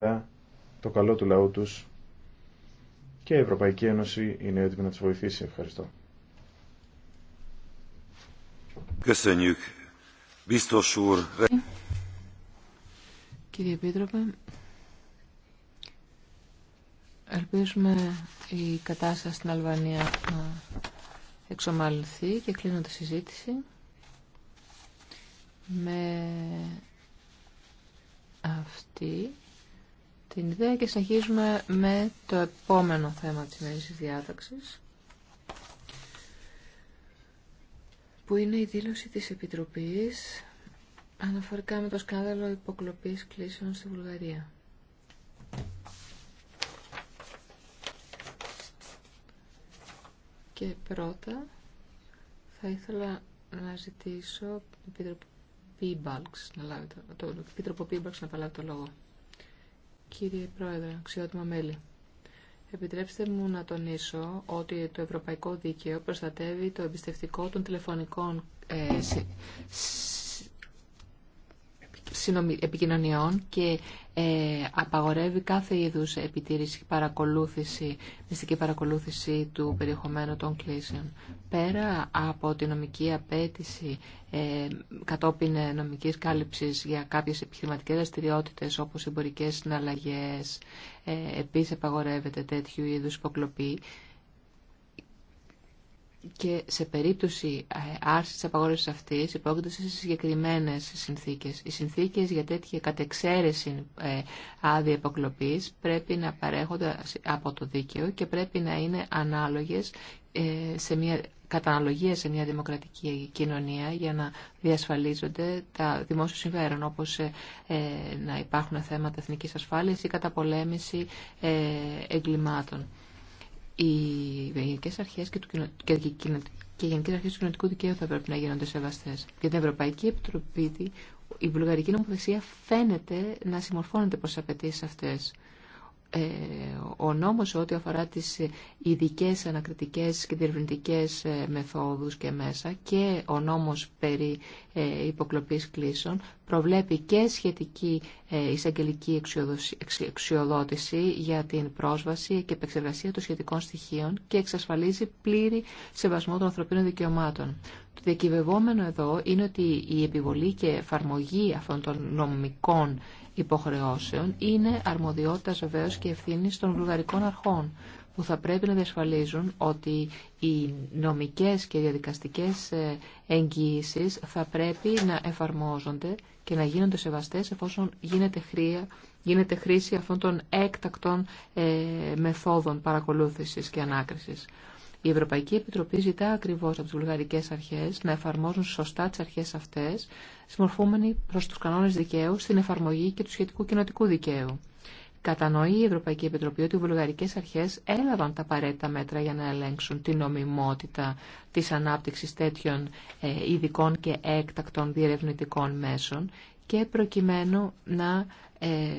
Ε, το καλό του λαού τους και η Ευρωπαϊκή Ένωση είναι έτοιμη να τους βοηθήσει. Ευχαριστώ. Κύριε Επίτροπε, ελπίζουμε η κατάσταση στην Αλβανία να εξομαλυνθεί και κλείνω τη συζήτηση με αυτή την ιδέα και συνεχίζουμε με το επόμενο θέμα της της διάταξης που είναι η δήλωση της Επιτροπής αναφορικά με το σκάνδαλο υποκλοπής κλήσεων στη Βουλγαρία. Και πρώτα θα ήθελα να ζητήσω την Επίτροπο Πίμπαλξ να, λάβει το, το, να το λόγο. Κύριε Πρόεδρε, αξιότιμα μέλη. Επιτρέψτε μου να τονίσω ότι το Ευρωπαϊκό Δίκαιο προστατεύει το εμπιστευτικό των τηλεφωνικών ε, επικοινωνιών και ε, απαγορεύει κάθε είδους επιτήρηση και παρακολούθηση, μυστική παρακολούθηση του περιεχομένου των κλήσεων. Πέρα από τη νομική απέτηση ε, κατόπιν ε, νομικής κάλυψης για κάποιες επιχειρηματικές δραστηριότητε όπως εμπορικές συναλλαγές, επίσης απαγορεύεται τέτοιου είδους υποκλοπή και σε περίπτωση ε, άρσης τη απαγόρευση αυτής υπόκειται σε συγκεκριμένες συνθήκες. Οι συνθήκες για τέτοια κατεξαίρεση ε, άδεια υποκλοπή πρέπει να παρέχονται από το δίκαιο και πρέπει να είναι ανάλογες ε, σε μια καταναλογία σε μια δημοκρατική κοινωνία για να διασφαλίζονται τα δημόσια συμφέρον, όπως να υπάρχουν θέματα εθνικής ασφάλειας ή καταπολέμηση εγκλημάτων οι γενικέ αρχέ και, του... και, οι γενικέ αρχέ του κοινωνικού δικαίου θα πρέπει να γίνονται σεβαστέ. Για την Ευρωπαϊκή Επιτροπή, η βουλγαρική νομοθεσία φαίνεται να συμμορφώνεται προ απαιτήσει αυτέ. Ε, ο νόμος ό,τι αφορά τις ειδικέ ανακριτικές και ε, μεθόδους και μέσα και ο νόμος περί ε, υποκλοπής κλήσεων προβλέπει και σχετική ε, εισαγγελική εξιοδότηση για την πρόσβαση και επεξεργασία των σχετικών στοιχείων και εξασφαλίζει πλήρη σεβασμό των ανθρωπίνων δικαιωμάτων. Το διακυβευόμενο εδώ είναι ότι η επιβολή και εφαρμογή αυτών των νομικών υποχρεώσεων είναι αρμοδιότητα βεβαίω και ευθύνη των βουλγαρικών αρχών που θα πρέπει να διασφαλίζουν ότι οι νομικές και διαδικαστικές ε, εγγύησεις θα πρέπει να εφαρμόζονται και να γίνονται σεβαστές εφόσον γίνεται, χρία, γίνεται χρήση αυτών των έκτακτων ε, μεθόδων παρακολούθησης και ανάκρισης. Η Ευρωπαϊκή Επιτροπή ζητά ακριβώς από τις βουλγαρικές αρχές να εφαρμόζουν σωστά τις αρχές αυτές, συμμορφούμενοι προς τους κανόνες δικαίου στην εφαρμογή και του σχετικού κοινοτικού δικαίου. Κατανοεί η Ευρωπαϊκή Επιτροπή ότι οι βουλγαρικές αρχές έλαβαν τα απαραίτητα μέτρα για να ελέγξουν την νομιμότητα της ανάπτυξης τέτοιων ε, ειδικών και έκτακτων διερευνητικών μέσων και προκειμένου να ε,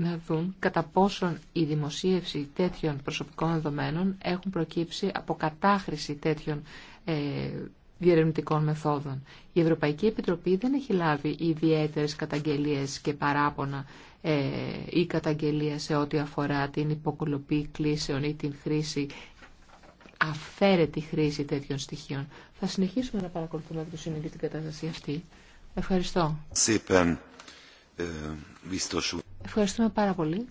να δουν κατά πόσον η δημοσίευση τέτοιων προσωπικών δεδομένων έχουν προκύψει από κατάχρηση τέτοιων ε, διερευνητικών μεθόδων. Η Ευρωπαϊκή Επιτροπή δεν έχει λάβει ιδιαίτερες καταγγελίες και παράπονα ε, ή καταγγελία σε ό,τι αφορά την υποκολοπή κλήσεων ή την χρήση αφαίρετη χρήση τέτοιων στοιχείων. Θα συνεχίσουμε να παρακολουθούμε από το συνεχή την κατάσταση αυτή. Ευχαριστώ. Ε, Ευχαριστούμε πάρα πολύ.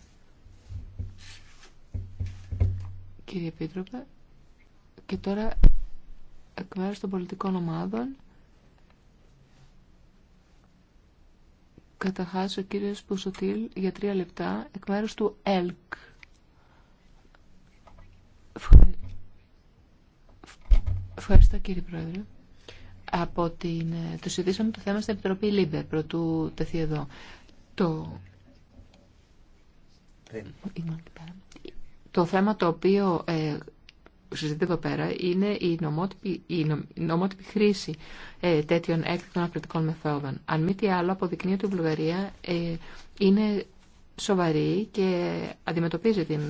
Κύριε Επίτροπε, και τώρα εκ μέρους των πολιτικών ομάδων Καταχάσω ο κύριος Πουσοτήλ για τρία λεπτά εκ μέρους του ΕΛΚ. Ευχαριστώ κύριε Πρόεδρε. Από την... Ε, το συζητήσαμε το θέμα στην Επιτροπή ΛΥΜΠΕ, πρωτού τεθεί εδώ. Το το θέμα το οποίο ε, εδώ πέρα είναι η νομότυπη, η χρήση ε, τέτοιων έκτακτων αθλητικών μεθόδων. Αν μη τι άλλο, αποδεικνύει ότι η Βουλγαρία ε, είναι σοβαρή και αντιμετωπίζει την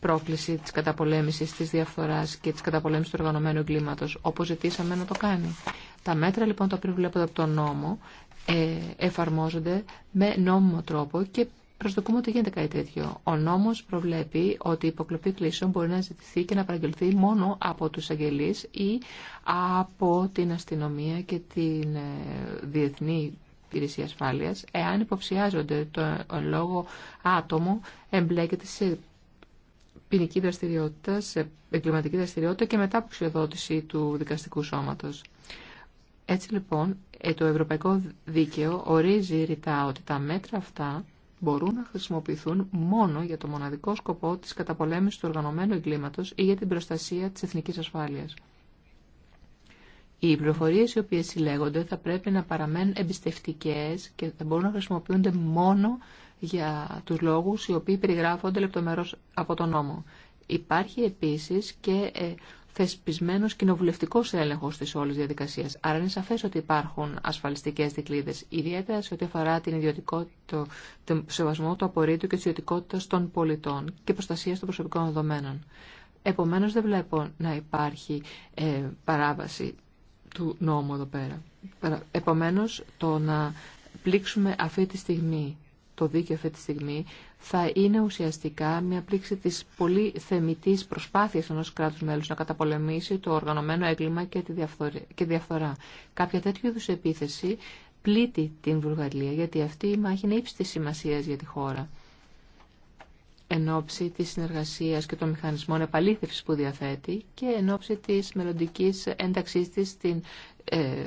πρόκληση της καταπολέμησης της διαφθοράς και της καταπολέμησης του οργανωμένου εγκλήματος, όπως ζητήσαμε να το κάνει. Τα μέτρα λοιπόν τα οποία από τον νόμο ε, εφαρμόζονται με νόμιμο τρόπο και προσδοκούμε ότι γίνεται κάτι τέτοιο. Ο νόμο προβλέπει ότι η υποκλοπή κλήσεων μπορεί να ζητηθεί και να παραγγελθεί μόνο από του αγγελείς ή από την αστυνομία και την ε, διεθνή υπηρεσία ασφάλεια, εάν υποψιάζονται το ε, λόγο άτομο εμπλέκεται σε ποινική δραστηριότητα, σε εγκληματική δραστηριότητα και μετά από ξεδότηση του δικαστικού σώματος. Έτσι λοιπόν, ε, το ευρωπαϊκό δίκαιο ορίζει ρητά ότι τα μέτρα αυτά μπορούν να χρησιμοποιηθούν μόνο για το μοναδικό σκοπό της καταπολέμησης του οργανωμένου εγκλήματος ή για την προστασία της εθνικής ασφάλειας. Οι πληροφορίες οι οποίες συλλέγονται θα πρέπει να παραμένουν εμπιστευτικές και θα μπορούν να χρησιμοποιούνται μόνο για τους λόγους οι οποίοι περιγράφονται λεπτομερώς από τον νόμο. Υπάρχει επίσης και ε, θεσπισμένος κοινοβουλευτικό έλεγχο τη όλη διαδικασία. Άρα είναι σαφέ ότι υπάρχουν ασφαλιστικέ δικλείδε, ιδιαίτερα σε ό,τι αφορά την ιδιωτικότητα, τον σεβασμό του απορρίτου και τη ιδιωτικότητα των πολιτών και προστασία των προσωπικών δεδομένων. Επομένω, δεν βλέπω να υπάρχει ε, παράβαση του νόμου εδώ πέρα. Επομένω, το να πλήξουμε αυτή τη στιγμή το δίκαιο αυτή τη στιγμή θα είναι ουσιαστικά μια πλήξη της πολύ θεμητής προσπάθειας ενός κράτους μέλους να καταπολεμήσει το οργανωμένο έγκλημα και τη διαφθορά. Κάποια τέτοιου είδους επίθεση πλήττει την Βουλγαρία, γιατί αυτή η μάχη είναι ύψης για τη χώρα εν ώψη της συνεργασίας και των μηχανισμών επαλήθευσης που διαθέτει και εν ώψη της μελλοντικής ένταξής της στην ε,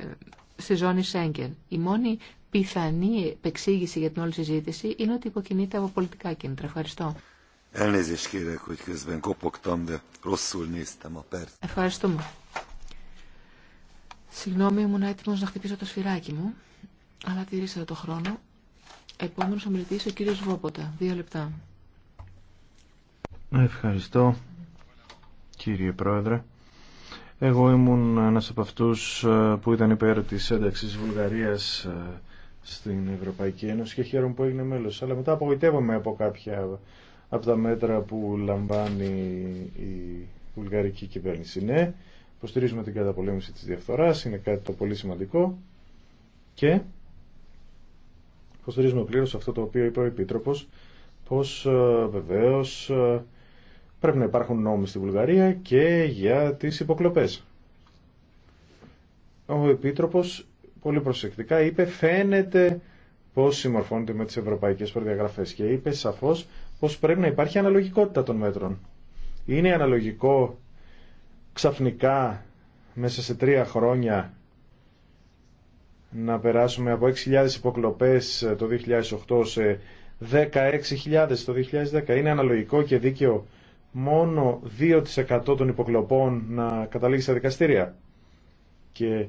στη ζώνη Σέγγεν. Η μόνη πιθανή επεξήγηση για την όλη συζήτηση είναι ότι υποκινείται από πολιτικά κίνητρα. Ευχαριστώ. Ευχαριστούμε. Συγγνώμη, ήμουν έτοιμο να χτυπήσω το σφυράκι μου, αλλά τηρήσατε το χρόνο. Επόμενο ο μιλητή, ο κύριο Βόποτα. Δύο λεπτά. Ευχαριστώ, κύριε Πρόεδρε. Εγώ ήμουν ένας από αυτούς ε, που ήταν υπέρ της ένταξης Βουλγαρίας ε, στην Ευρωπαϊκή Ένωση και χαίρομαι που έγινε μέλος. Αλλά μετά απογοητεύομαι από κάποια από τα μέτρα που λαμβάνει η βουλγαρική κυβέρνηση. Ναι, υποστηρίζουμε την καταπολέμηση της διαφθοράς, είναι κάτι το πολύ σημαντικό και υποστηρίζουμε πλήρως αυτό το οποίο είπε ο Επίτροπος, πως ε, βεβαίως Πρέπει να υπάρχουν νόμοι στη Βουλγαρία και για τις υποκλοπές. Ο Επίτροπος πολύ προσεκτικά είπε φαίνεται πώς συμμορφώνεται με τις ευρωπαϊκές προδιαγραφές και είπε σαφώς πως πρέπει να υπάρχει αναλογικότητα των μέτρων. Είναι αναλογικό ξαφνικά μέσα σε τρία χρόνια να περάσουμε από 6.000 υποκλοπές το 2008 σε 16.000 το 2010. Είναι αναλογικό και δίκαιο μόνο 2% των υποκλοπών να καταλήγει στα δικαστήρια και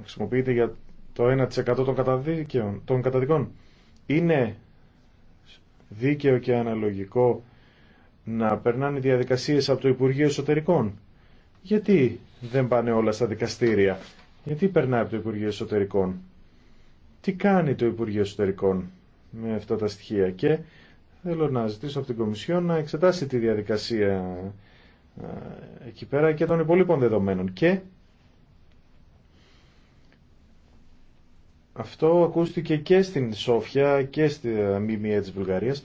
χρησιμοποιείται για το 1% των, καταδίκαιων, των καταδικών. Είναι δίκαιο και αναλογικό να περνάνε διαδικασίες από το Υπουργείο Εσωτερικών. Γιατί δεν πάνε όλα στα δικαστήρια. Γιατί περνάει από το Υπουργείο Εσωτερικών. Τι κάνει το Υπουργείο Εσωτερικών με αυτά τα στοιχεία και Θέλω να ζητήσω από την Κομισιόν να εξετάσει τη διαδικασία ε, εκεί πέρα και των υπολείπων δεδομένων. Και αυτό ακούστηκε και στην Σόφια και στη ε, ΜΜΕ της Βουλγαρίας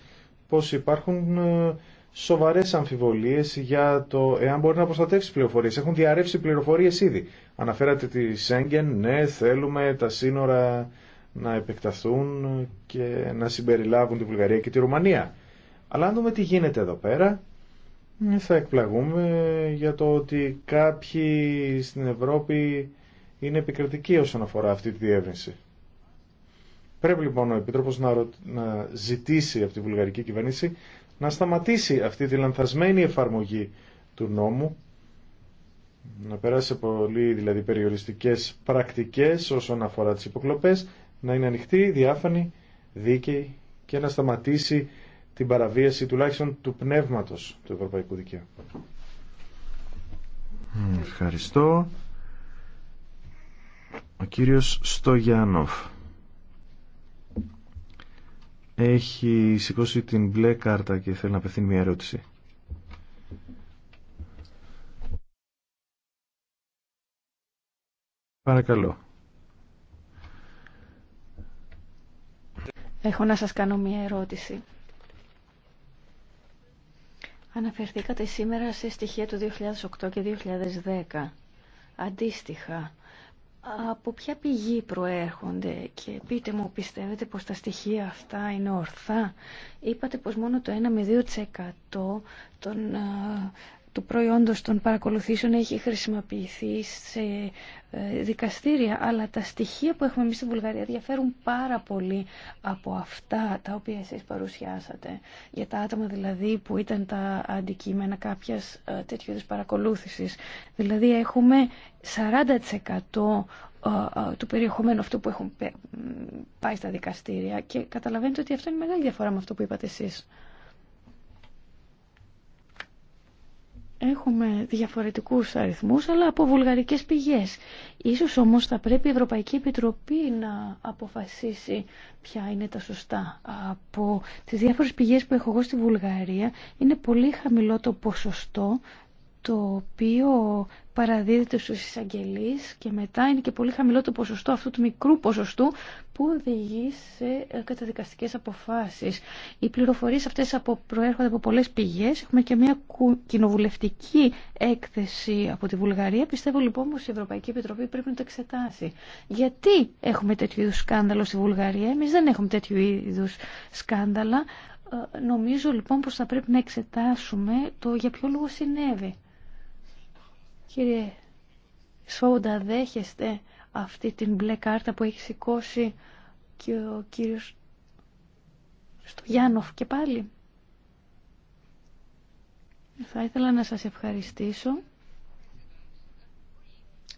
πως υπάρχουν ε, σοβαρές αμφιβολίες για το εάν μπορεί να προστατεύσει πληροφορίες. Έχουν διαρρεύσει πληροφορίες ήδη. Αναφέρατε τη Σέγγεν, ναι θέλουμε τα σύνορα να επεκταθούν και να συμπεριλάβουν τη Βουλγαρία και τη Ρουμανία. Αλλά αν δούμε τι γίνεται εδώ πέρα, θα εκπλαγούμε για το ότι κάποιοι στην Ευρώπη είναι επικριτικοί όσον αφορά αυτή τη διεύρυνση. Πρέπει λοιπόν ο Επίτροπος να, ζητήσει από τη βουλγαρική κυβέρνηση να σταματήσει αυτή τη λανθασμένη εφαρμογή του νόμου, να περάσει σε πολύ δηλαδή περιοριστικές πρακτικές όσον αφορά τις υποκλοπές, να είναι ανοιχτή, διάφανη, δίκαιη και να σταματήσει την παραβίαση τουλάχιστον του πνεύματος του ευρωπαϊκού δικαίου. Ευχαριστώ. Ο κύριος Στογιάνοφ έχει σηκώσει την μπλε κάρτα και θέλει να απευθύνει μια ερώτηση. Παρακαλώ. Έχω να σας κάνω μια ερώτηση. Αναφερθήκατε σήμερα σε στοιχεία του 2008 και 2010. Αντίστοιχα, από ποια πηγή προέρχονται και πείτε μου, πιστεύετε πως τα στοιχεία αυτά είναι ορθά. Είπατε πως μόνο το 1 με 2% των του προϊόντος των παρακολουθήσεων έχει χρησιμοποιηθεί σε ε, δικαστήρια, αλλά τα στοιχεία που έχουμε εμείς στην Βουλγαρία διαφέρουν πάρα πολύ από αυτά τα οποία εσείς παρουσιάσατε. Για τα άτομα δηλαδή που ήταν τα αντικείμενα κάποιας ε, τέτοιου είδους παρακολούθησης. Δηλαδή έχουμε 40% ε, του περιεχομένου αυτού που έχουν πάει στα δικαστήρια και καταλαβαίνετε ότι αυτό είναι μεγάλη διαφορά με αυτό που είπατε εσείς. Έχουμε διαφορετικούς αριθμούς, αλλά από βουλγαρικές πηγές. Ίσως όμως θα πρέπει η Ευρωπαϊκή Επιτροπή να αποφασίσει ποια είναι τα σωστά. Από τις διάφορες πηγές που έχω εγώ στη Βουλγαρία, είναι πολύ χαμηλό το ποσοστό το οποίο παραδίδεται στους εισαγγελείς και μετά είναι και πολύ χαμηλό το ποσοστό αυτού του μικρού ποσοστού που οδηγεί σε ε, καταδικαστικές αποφάσεις. Οι πληροφορίες αυτές από, προέρχονται από πολλές πηγές. Έχουμε και μια κοινοβουλευτική έκθεση από τη Βουλγαρία. Πιστεύω λοιπόν πως η Ευρωπαϊκή Επιτροπή πρέπει να το εξετάσει. Γιατί έχουμε τέτοιου είδους σκάνδαλο στη Βουλγαρία. Εμείς δεν έχουμε τέτοιου είδους σκάνδαλα. Ε, νομίζω λοιπόν πως θα πρέπει να εξετάσουμε το για ποιο λόγο συνέβη. Κύριε Σόντα, δέχεστε αυτή την μπλε κάρτα που έχει σηκώσει και ο κύριος Γιάννοφ και πάλι. Θα ήθελα να σας ευχαριστήσω.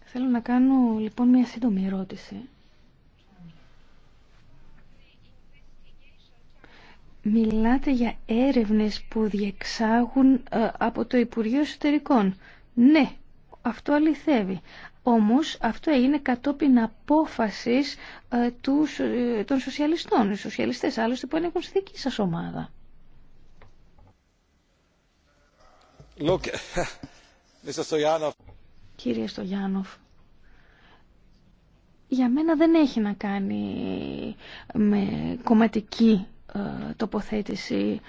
Θέλω να κάνω λοιπόν μια σύντομη ερώτηση. Μιλάτε για έρευνες που διεξάγουν ε, από το Υπουργείο Εσωτερικών. Ναι, αυτό αληθεύει. Όμως αυτό έγινε κατόπιν απόφασης ε, ε, των σοσιαλιστών. Οι σοσιαλιστές άλλωστε που ανήκουν στη δική σας ομάδα. Look, Mr. Κύριε Στογιάνοφ, για μένα δεν έχει να κάνει με κομματική ε, τοποθέτηση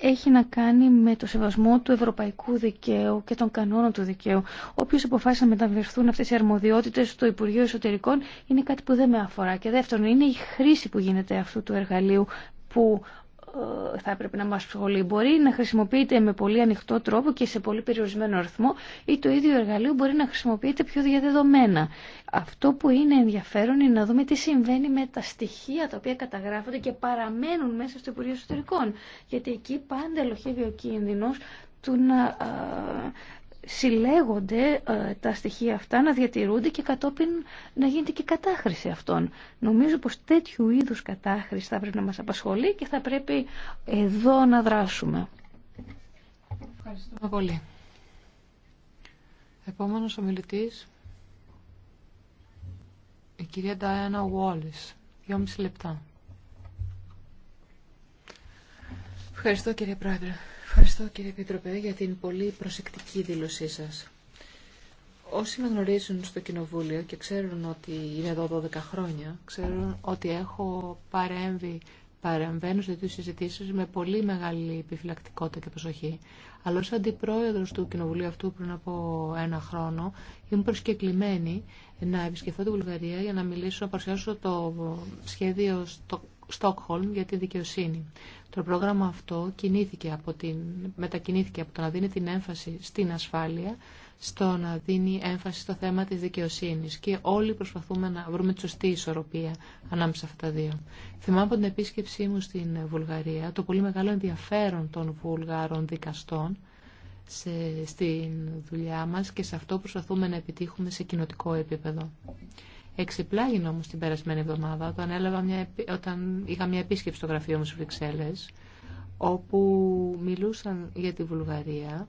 έχει να κάνει με το σεβασμό του ευρωπαϊκού δικαίου και των κανόνων του δικαίου. Όποιο αποφάσισε να μεταβερθούν αυτέ οι αρμοδιότητε στο Υπουργείο Εσωτερικών είναι κάτι που δεν με αφορά. Και δεύτερον, είναι η χρήση που γίνεται αυτού του εργαλείου που ε, θα έπρεπε να μας ασχολεί. Μπορεί να χρησιμοποιείται με πολύ ανοιχτό τρόπο και σε πολύ περιορισμένο αριθμό ή το ίδιο εργαλείο μπορεί να χρησιμοποιείται πιο διαδεδομένα. Αυτό που είναι ενδιαφέρον είναι να δούμε τι συμβαίνει με τα στοιχεία τα οποία καταγράφονται και παραμένουν μέσα στο Υπουργείο Εσωτερικών. Γιατί εκεί πάντα ελοχεύει ο κίνδυνος του να ε, συλλέγονται ε, τα στοιχεία αυτά, να διατηρούνται και κατόπιν να γίνεται και κατάχρηση αυτών. Νομίζω πως τέτοιου είδους κατάχρηση θα πρέπει να μας απασχολεί και θα πρέπει εδώ να δράσουμε. Ευχαριστούμε πολύ. Επόμενος ομιλητής, η κυρία Ντάιανα δύο δυόμιση λεπτά. Ευχαριστώ κύριε Πρόεδρε. Ευχαριστώ κύριε Επιτροπέ για την πολύ προσεκτική δήλωσή σας. Όσοι με γνωρίζουν στο Κοινοβούλιο και ξέρουν ότι είμαι εδώ 12 χρόνια, ξέρουν ότι έχω παρέμβει, παρεμβαίνω σε τέτοιες με πολύ μεγάλη επιφυλακτικότητα και προσοχή. Αλλά ως αντιπρόεδρος του Κοινοβουλίου αυτού πριν από ένα χρόνο, ήμουν προσκεκλημένη να επισκεφθώ τη Βουλγαρία για να μιλήσω, να παρουσιάσω το σχέδιο στο Στόκχολμ για τη δικαιοσύνη. Το πρόγραμμα αυτό κινήθηκε από την, μετακινήθηκε από το να δίνει την έμφαση στην ασφάλεια στο να δίνει έμφαση στο θέμα της δικαιοσύνης και όλοι προσπαθούμε να βρούμε τη σωστή ισορροπία ανάμεσα αυτά τα δύο. Θυμάμαι από την επίσκεψή μου στην Βουλγαρία το πολύ μεγάλο ενδιαφέρον των Βουλγάρων δικαστών σε, στην δουλειά μας και σε αυτό προσπαθούμε να επιτύχουμε σε κοινοτικό επίπεδο. Εξυπλάγει όμω την περασμένη εβδομάδα όταν, έλαβα μια, όταν είχα μια επίσκεψη στο γραφείο μου στι Βρυξέλλε, όπου μιλούσαν για τη Βουλγαρία,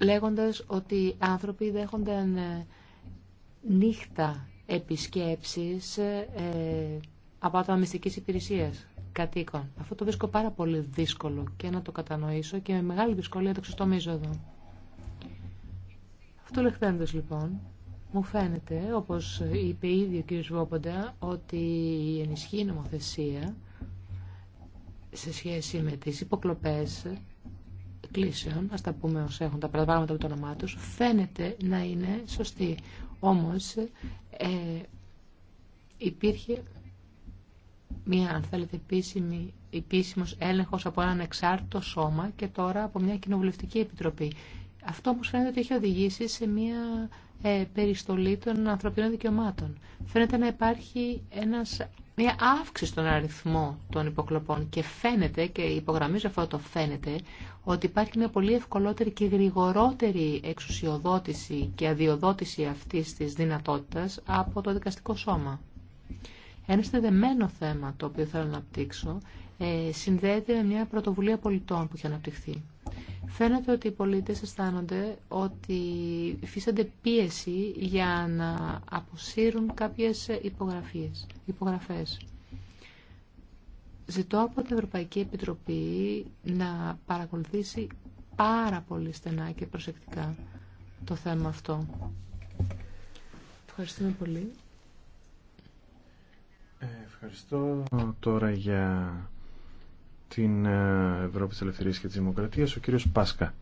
λέγοντα ότι άνθρωποι δέχονταν ε, νύχτα επισκέψεις ε, από άτομα μυστική υπηρεσία κατοίκων. Αυτό το βρίσκω πάρα πολύ δύσκολο και να το κατανοήσω και με μεγάλη δυσκολία το ξεστομίζω εδώ. Αυτό λεχθέντες, λοιπόν μου φαίνεται, όπως είπε ήδη ο κ. Βόποντα, ότι η ενισχύει νομοθεσία σε σχέση με τις υποκλοπές κλήσεων, ας τα πούμε όσο έχουν τα πράγματα από το όνομά τους, φαίνεται να είναι σωστή. Όμως ε, υπήρχε μια, αν θέλετε, επίσημη, επίσημος έλεγχος από έναν εξάρτητο σώμα και τώρα από μια κοινοβουλευτική επιτροπή. Αυτό όμω φαίνεται ότι έχει οδηγήσει σε μια ε, περιστολή των ανθρωπίνων δικαιωμάτων. Φαίνεται να υπάρχει ένας, μια αύξηση στον αριθμό των υποκλοπών και φαίνεται, και υπογραμμίζω αυτό το φαίνεται, ότι υπάρχει μια πολύ ευκολότερη και γρηγορότερη εξουσιοδότηση και αδειοδότηση αυτής της δυνατότητας από το δικαστικό σώμα. Ένα συνδεδεμένο θέμα το οποίο θέλω να απτύξω ε, συνδέεται με μια πρωτοβουλία πολιτών που έχει αναπτυχθεί. Φαίνεται ότι οι πολίτες αισθάνονται ότι υφίστανται πίεση για να αποσύρουν κάποιες υπογραφίες, υπογραφές. Ζητώ από την Ευρωπαϊκή Επιτροπή να παρακολουθήσει πάρα πολύ στενά και προσεκτικά το θέμα αυτό. Ευχαριστούμε πολύ. Ε, ευχαριστώ τώρα για την ε, Ευρώπη της Ελευθερίας και της Δημοκρατίας, ο κύριος Πάσκα.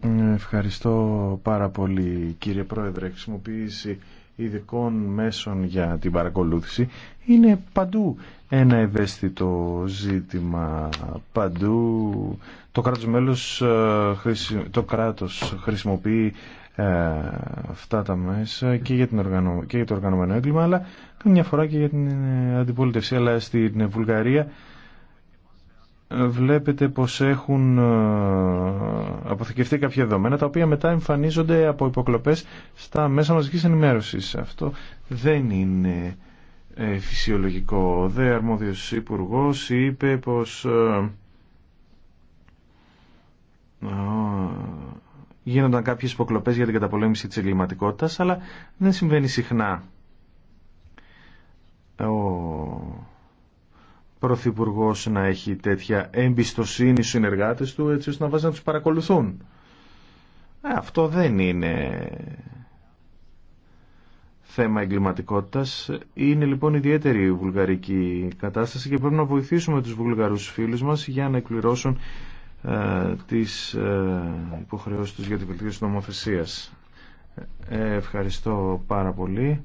Ναι, ευχαριστώ πάρα πολύ κύριε Πρόεδρε. Χρησιμοποίηση ειδικών μέσων για την παρακολούθηση είναι παντού ένα ευαίσθητο ζήτημα. Παντού το κράτος μέλος, ε, το κράτος χρησιμοποιεί ε, αυτά τα μέσα και για, την και για το οργανωμένο έγκλημα αλλά μια φορά και για την ε, αντιπολίτευση αλλά στην Βουλγαρία βλέπετε πως έχουν αποθηκευτεί κάποια δεδομένα τα οποία μετά εμφανίζονται από υποκλοπές στα μέσα μαζικής ενημέρωσης αυτό δεν είναι φυσιολογικό ο δε αρμόδιος υπουργός είπε πως γίνονταν κάποιες υποκλοπές για την καταπολέμηση της εγκληματικότητας, αλλά δεν συμβαίνει συχνά. Ο Πρωθυπουργό να έχει τέτοια εμπιστοσύνη στους συνεργάτες του, έτσι ώστε να βάζει να τους παρακολουθούν. Ε, αυτό δεν είναι θέμα εγκληματικότητας. Είναι λοιπόν ιδιαίτερη η βουλγαρική κατάσταση και πρέπει να βοηθήσουμε τους βουλγαρούς φίλους μας για να εκπληρώσουν ε, τις ε, υποχρεώσεις τους για την βελτίωση νομοθεσίας. Ε, ευχαριστώ πάρα πολύ.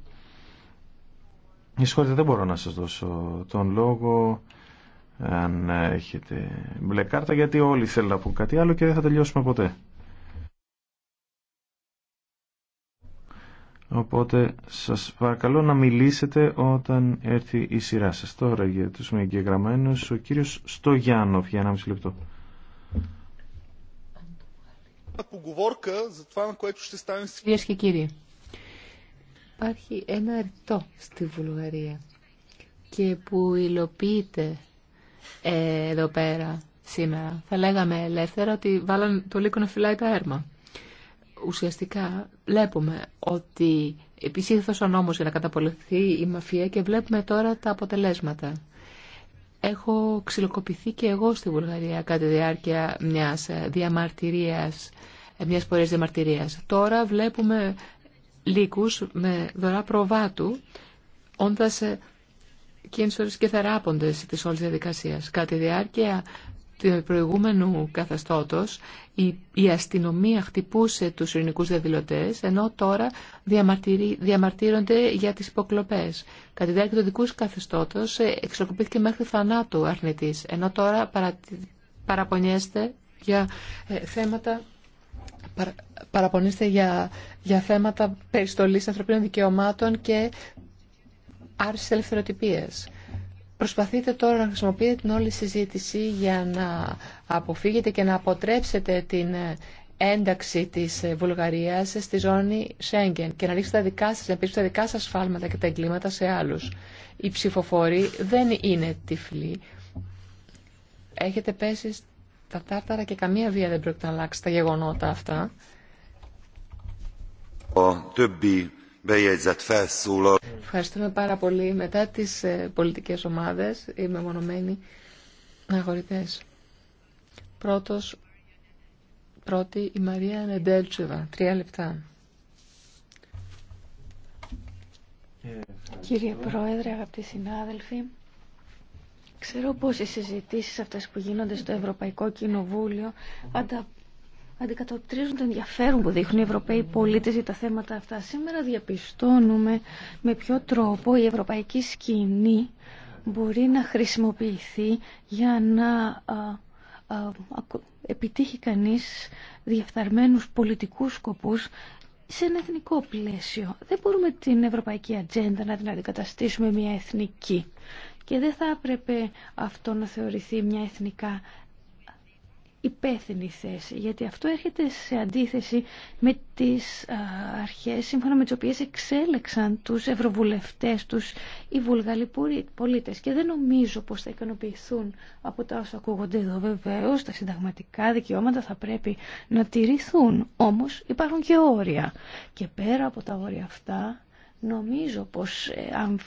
Η συγχωρείτε, δεν μπορώ να σας δώσω τον λόγο αν έχετε μπλε κάρτα, γιατί όλοι θέλουν να πούν κάτι άλλο και δεν θα τελειώσουμε ποτέ. Οπότε σας παρακαλώ να μιλήσετε όταν έρθει η σειρά σας. Τώρα για τους μεγεγραμμένους, ο κύριος Στογιάννοφ για μισή λεπτό. Κυρίες και κύριοι, υπάρχει ένα ερτό στη Βουλγαρία και που υλοποιείται ε, εδώ πέρα σήμερα. Θα λέγαμε ελεύθερα ότι βάλαν το λύκο να φυλάει τα έρμα. Ουσιαστικά βλέπουμε ότι επισήλθε ο νόμος για να καταπολεχθεί η μαφία και βλέπουμε τώρα τα αποτελέσματα έχω ξυλοκοπηθεί και εγώ στη Βουλγαρία κατά τη διάρκεια μιας διαμαρτυρίας, μιας πορείας διαμαρτυρίας. Τώρα βλέπουμε λύκους με δωρά προβάτου, όντας και και θεράποντες της όλης διαδικασίας. Κατά τη διάρκεια του προηγούμενου καθεστώτος η, η αστυνομία χτυπούσε τους ειρηνικούς διαδηλωτέ, ενώ τώρα διαμαρτύρονται για τις υποκλοπές. Κατά τη διάρκεια του δικού καθεστώτος ε, εξοκοπήθηκε μέχρι θανάτου αρνητής, ενώ τώρα παραπονιέστε για ε, θέματα παρα, για, για θέματα περιστολής ανθρωπίνων δικαιωμάτων και άρση ελευθεροτυπίας. Προσπαθείτε τώρα να χρησιμοποιείτε την όλη συζήτηση για να αποφύγετε και να αποτρέψετε την ένταξη της Βουλγαρίας στη ζώνη Σέγγεν και να ρίξετε τα δικά σας, να τα δικά σας και τα εγκλήματα σε άλλους. Οι ψηφοφόροι δεν είναι τυφλοί. Έχετε πέσει στα τάρταρα και καμία βία δεν πρόκειται να αλλάξει τα γεγονότα αυτά. Oh, Ευχαριστούμε πάρα πολύ. Μετά τις ε, πολιτικές ομάδες, οι μεμονωμένοι αγορητές. Πρώτος, πρώτη η Μαρία Νεντέλτσεβα. Τρία λεπτά. Κύριε Πρόεδρε, αγαπητοί συνάδελφοι, ξέρω πως οι συζητήσεις αυτές που γίνονται στο Ευρωπαϊκό Κοινοβούλιο αντα αντικατοπτρίζουν το ενδιαφέρον που δείχνουν οι Ευρωπαίοι πολίτες για τα θέματα αυτά. Σήμερα διαπιστώνουμε με ποιο τρόπο η ευρωπαϊκή σκηνή μπορεί να χρησιμοποιηθεί για να επιτύχει κανείς διεφθαρμένους πολιτικούς σκοπούς σε ένα εθνικό πλαίσιο. Δεν μπορούμε την ευρωπαϊκή ατζέντα να την αντικαταστήσουμε μια εθνική. Και δεν θα έπρεπε αυτό να θεωρηθεί μια εθνικά υπεύθυνη θέση, γιατί αυτό έρχεται σε αντίθεση με τις αρχές σύμφωνα με τις οποίες εξέλεξαν τους ευρωβουλευτές τους οι βουλγαλοί πολίτες και δεν νομίζω πως θα ικανοποιηθούν από τα όσα ακούγονται εδώ βεβαίω, τα συνταγματικά δικαιώματα θα πρέπει να τηρηθούν όμως υπάρχουν και όρια και πέρα από τα όρια αυτά νομίζω πως ε, αν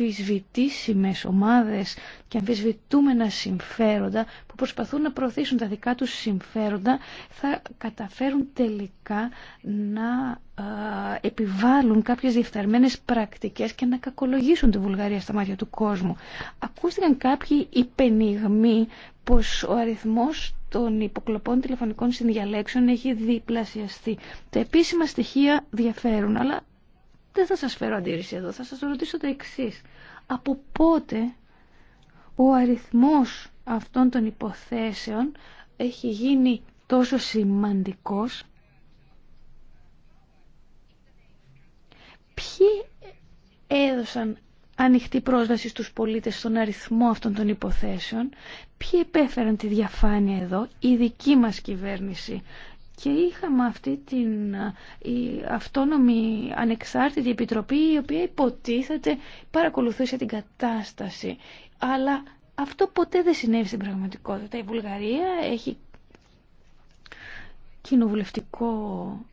αμφισβητήσιμες ομάδες και αμφισβητούμενα συμφέροντα που προσπαθούν να προωθήσουν τα δικά τους συμφέροντα θα καταφέρουν τελικά να επιβάλλουν κάποιες διεφθαρμένες πρακτικές και να κακολογήσουν τη Βουλγαρία στα μάτια του κόσμου. Ακούστηκαν κάποιοι υπενιγμοί πως ο αριθμός των υποκλοπών τηλεφωνικών συνδιαλέξεων έχει διπλασιαστεί. Τα επίσημα στοιχεία διαφέρουν, αλλά δεν θα σας φέρω αντίρρηση εδώ, θα σας ρωτήσω το εξής. Από πότε ο αριθμός αυτών των υποθέσεων έχει γίνει τόσο σημαντικός ποιοι έδωσαν ανοιχτή πρόσβαση στους πολίτες στον αριθμό αυτών των υποθέσεων, ποιοι επέφεραν τη διαφάνεια εδώ, η δική μας κυβέρνηση και είχαμε αυτή την ε, η αυτόνομη ανεξάρτητη επιτροπή η οποία υποτίθεται παρακολουθούσε την κατάσταση. Αλλά αυτό ποτέ δεν συνέβη στην πραγματικότητα. Η Βουλγαρία έχει κοινοβουλευτικό,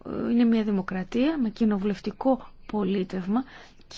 ε, είναι μια δημοκρατία με κοινοβουλευτικό πολίτευμα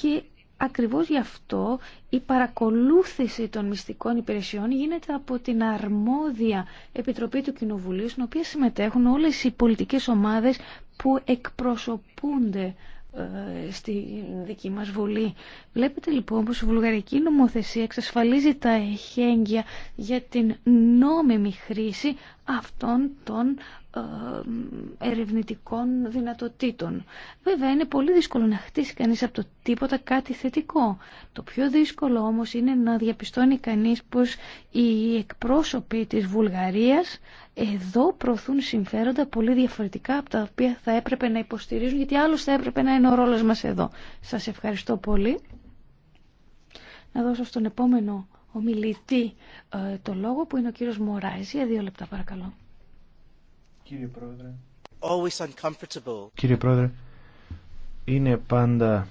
και ακριβώς γι' αυτό η παρακολούθηση των μυστικών υπηρεσιών γίνεται από την αρμόδια Επιτροπή του Κοινοβουλίου, στην οποία συμμετέχουν όλες οι πολιτικές ομάδες που εκπροσωπούνται ε, στη δική μας Βουλή. Βλέπετε λοιπόν πως η βουλγαρική νομοθεσία εξασφαλίζει τα εχέγγυα για την νόμιμη χρήση αυτών των ε, ερευνητικών δυνατοτήτων. Βέβαια είναι πολύ δύσκολο να χτίσει κανείς από το τίποτα κάτι θετικό. Το πιο δύσκολο όμως είναι να διαπιστώνει κανείς πως οι εκπρόσωποι της Βουλγαρίας εδώ προωθούν συμφέροντα πολύ διαφορετικά από τα οποία θα έπρεπε να υποστηρίζουν γιατί άλλος θα έπρεπε να είναι ο ρόλος μας εδώ. Σας ευχαριστώ πολύ. Να δώσω στον επόμενο ομιλητή ε, το λόγο που είναι ο κύριος Μωράης. Για δύο λεπτά παρακαλώ. Κύριε Πρόεδρε. uncomfortable. Κύριε είναι πάντα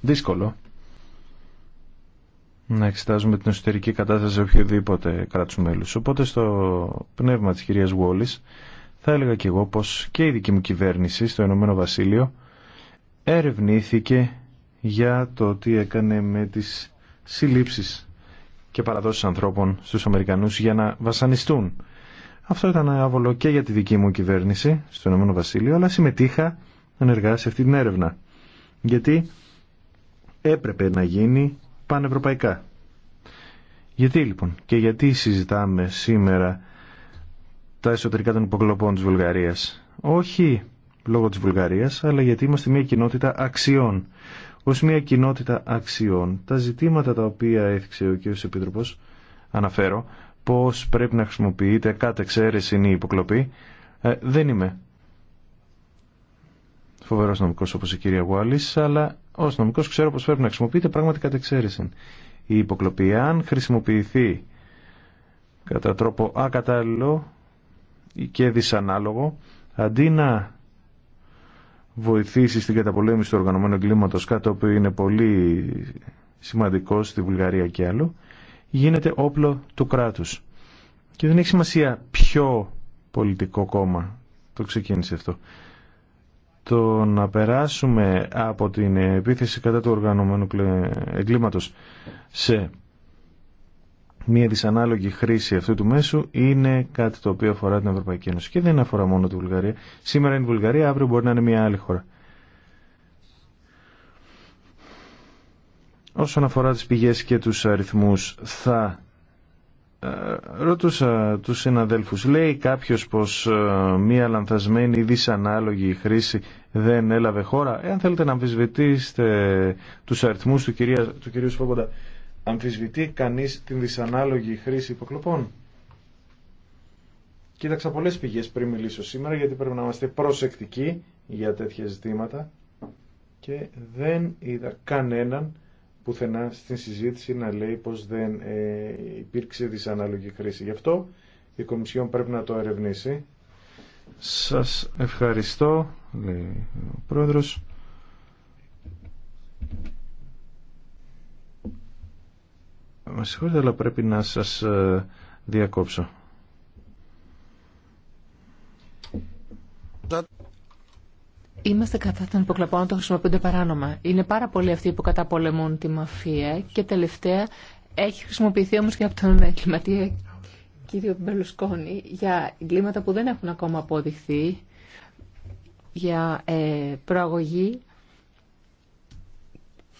δύσκολο να εξετάζουμε την εσωτερική κατάσταση σε οποιοδήποτε κράτου μέλους. Οπότε στο πνεύμα της κυρίας Βόλης θα έλεγα και εγώ πως και η δική μου κυβέρνηση στο Ηνωμένο Βασίλειο ερευνήθηκε για το τι έκανε με τις συλλήψεις και παραδόσεις ανθρώπων στους Αμερικανούς για να βασανιστούν. Αυτό ήταν άβολο και για τη δική μου κυβέρνηση στο Ηνωμένο Βασίλειο, αλλά συμμετείχα ενεργά σε αυτή την έρευνα. Γιατί έπρεπε να γίνει πανευρωπαϊκά. Γιατί λοιπόν και γιατί συζητάμε σήμερα τα εσωτερικά των υποκλοπών της Βουλγαρίας. Όχι λόγω της Βουλγαρίας, αλλά γιατί είμαστε μια κοινότητα αξιών. Ως μια κοινότητα αξιών, τα ζητήματα τα οποία έθιξε ο κ. Επίτροπος αναφέρω πώς πρέπει να χρησιμοποιείται κάτω εξαίρεση η υποκλοπή. Ε, δεν είμαι φοβερός νομικός όπως η κυρία Γουάλης, αλλά ως νομικός ξέρω πως πρέπει να χρησιμοποιείται πράγματι κατ' εξαίρεση. Η υποκλοπή, αν χρησιμοποιηθεί κατά τρόπο ακατάλληλο και δυσανάλογο, αντί να βοηθήσει στην καταπολέμηση του οργανωμένου εγκλήματος, κάτι που είναι πολύ σημαντικό στη Βουλγαρία και άλλο, γίνεται όπλο του κράτους. Και δεν έχει σημασία ποιο πολιτικό κόμμα το ξεκίνησε αυτό. Το να περάσουμε από την επίθεση κατά του οργανωμένου εγκλήματος σε μια δυσανάλογη χρήση αυτού του μέσου είναι κάτι το οποίο αφορά την Ευρωπαϊκή Ένωση και δεν αφορά μόνο τη Βουλγαρία. Σήμερα είναι η Βουλγαρία, αύριο μπορεί να είναι μια άλλη χώρα. Όσον αφορά τις πηγές και τους αριθμούς, θα ε, Ρώτουσα τους συναδέλφους, λέει κάποιος πως ε, μία λανθασμένη ή δυσανάλογη χρήση δεν έλαβε χώρα. Εάν θέλετε να αμφισβητήσετε τους αριθμούς του, κυρία, του κυρίου Σφόμποντα, αμφισβητεί κανείς την δυσανάλογη χρήση υποκλοπών. Κοίταξα πολλές πηγές πριν μιλήσω σήμερα γιατί πρέπει να είμαστε προσεκτικοί για τέτοια ζητήματα και δεν είδα κανέναν πουθενά στην συζήτηση να λέει πως δεν ε, υπήρξε δυσανάλογη χρήση. Γι' αυτό η Κομισιόν πρέπει να το ερευνήσει. Σας ευχαριστώ, λέει ο Πρόεδρος. Μα συγχωρείτε, αλλά πρέπει να σας ε, διακόψω. Είμαστε κατά των υποκλαπών να το χρησιμοποιούνται παράνομα. Είναι πάρα πολλοί αυτοί που καταπολεμούν τη μαφία και τελευταία έχει χρησιμοποιηθεί όμως και από τον εγκληματία κύριο Μπελουσκόνη για εγκλήματα που δεν έχουν ακόμα αποδειχθεί, για ε, προαγωγή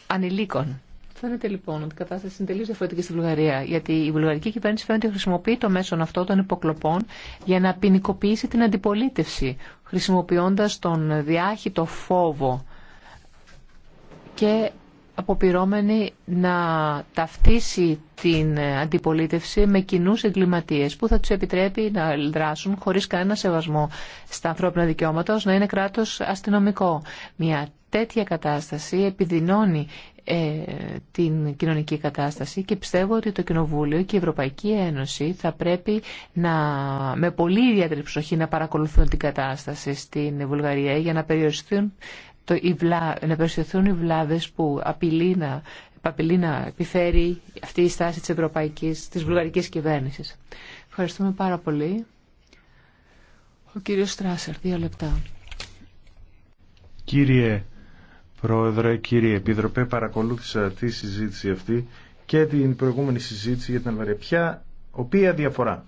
ανηλίκων. Φαίνεται λοιπόν ότι η κατάσταση είναι τελείω διαφορετική στη Βουλγαρία, γιατί η βουλγαρική κυβέρνηση φαίνεται ότι χρησιμοποιεί το μέσον αυτό των υποκλοπών για να ποινικοποιήσει την αντιπολίτευση, χρησιμοποιώντα τον διάχυτο φόβο και αποπειρώμενη να ταυτίσει την αντιπολίτευση με κοινού εγκληματίε που θα του επιτρέπει να δράσουν χωρί κανένα σεβασμό στα ανθρώπινα δικαιώματα, να είναι κράτο αστυνομικό. Μια τέτοια κατάσταση επιδεινώνει ε, την κοινωνική κατάσταση και πιστεύω ότι το Κοινοβούλιο και η Ευρωπαϊκή Ένωση θα πρέπει να, με πολύ ιδιαίτερη προσοχή να παρακολουθούν την κατάσταση στην Βουλγαρία για να περιοριστούν το, να περισσοθούν οι βλάβες που απειλεί να, απειλεί επιφέρει αυτή η στάση της ευρωπαϊκής, της βουλγαρικής κυβέρνησης. Ευχαριστούμε πάρα πολύ. Ο κύριος Στράσερ, δύο λεπτά. Κύριε Πρόεδρε, κύριε Επίτροπε, παρακολούθησα τη συζήτηση αυτή και την προηγούμενη συζήτηση για την Αλβαρία. Ποια, οποία διαφορά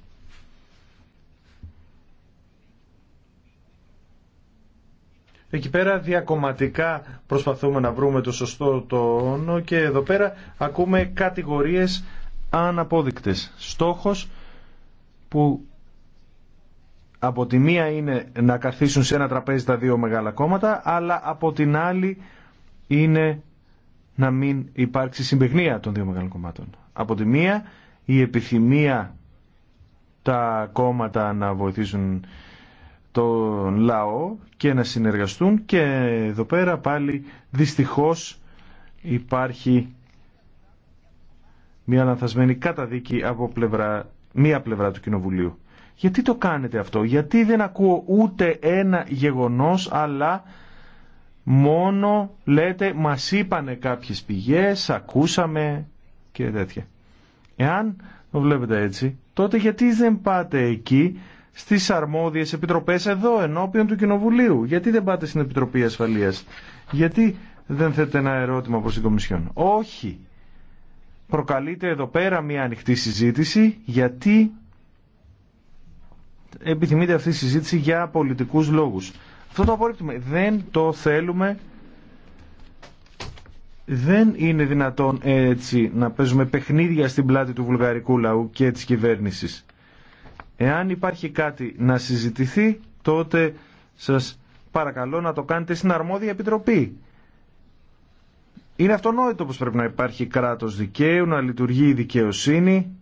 Εκεί πέρα διακομματικά προσπαθούμε να βρούμε το σωστό τόνο και εδώ πέρα ακούμε κατηγορίες αναπόδεικτες. Στόχος που από τη μία είναι να καθίσουν σε ένα τραπέζι τα δύο μεγάλα κόμματα, αλλά από την άλλη είναι να μην υπάρξει συμπαιχνία των δύο μεγάλων κομμάτων. Από τη μία η επιθυμία τα κόμματα να βοηθήσουν τον λαό και να συνεργαστούν και εδώ πέρα πάλι δυστυχώς υπάρχει μια λανθασμένη καταδίκη από πλευρά, μία πλευρά του Κοινοβουλίου. Γιατί το κάνετε αυτό, γιατί δεν ακούω ούτε ένα γεγονός αλλά μόνο λέτε μας είπανε κάποιες πηγές, ακούσαμε και τέτοια. Εάν το βλέπετε έτσι, τότε γιατί δεν πάτε εκεί στις αρμόδιες επιτροπές εδώ ενώπιον του Κοινοβουλίου. Γιατί δεν πάτε στην Επιτροπή Ασφαλείας. Γιατί δεν θέτε ένα ερώτημα προ την Κομισιόν. Όχι. Προκαλείται εδώ πέρα μια ανοιχτή συζήτηση γιατί επιθυμείται αυτή η συζήτηση για πολιτικούς λόγους. Αυτό το απορρίπτουμε. Δεν το θέλουμε. Δεν είναι δυνατόν έτσι να παίζουμε παιχνίδια στην πλάτη του βουλγαρικού λαού και της κυβέρνησης. Εάν υπάρχει κάτι να συζητηθεί, τότε σας παρακαλώ να το κάνετε στην αρμόδια επιτροπή. Είναι αυτονόητο πως πρέπει να υπάρχει κράτος δικαίου, να λειτουργεί η δικαιοσύνη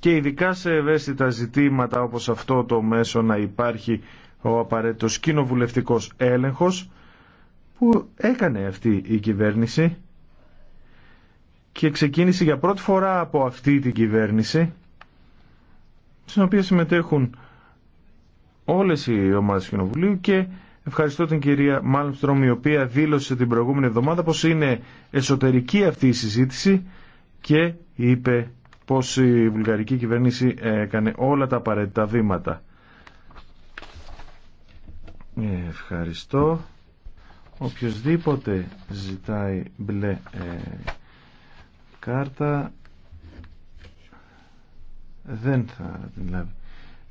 και ειδικά σε ευαίσθητα ζητήματα όπως αυτό το μέσο να υπάρχει ο απαραίτητος κοινοβουλευτικός έλεγχος που έκανε αυτή η κυβέρνηση και ξεκίνησε για πρώτη φορά από αυτή την κυβέρνηση στην οποία συμμετέχουν όλες οι ομάδες του Κοινοβουλίου και ευχαριστώ την κυρία Μάλμστρομ η οποία δήλωσε την προηγούμενη εβδομάδα πως είναι εσωτερική αυτή η συζήτηση και είπε πως η βουλγαρική κυβέρνηση έκανε όλα τα απαραίτητα βήματα. Ευχαριστώ. Οποιοςδήποτε ζητάει μπλε ε, κάρτα δεν θα την λάβει.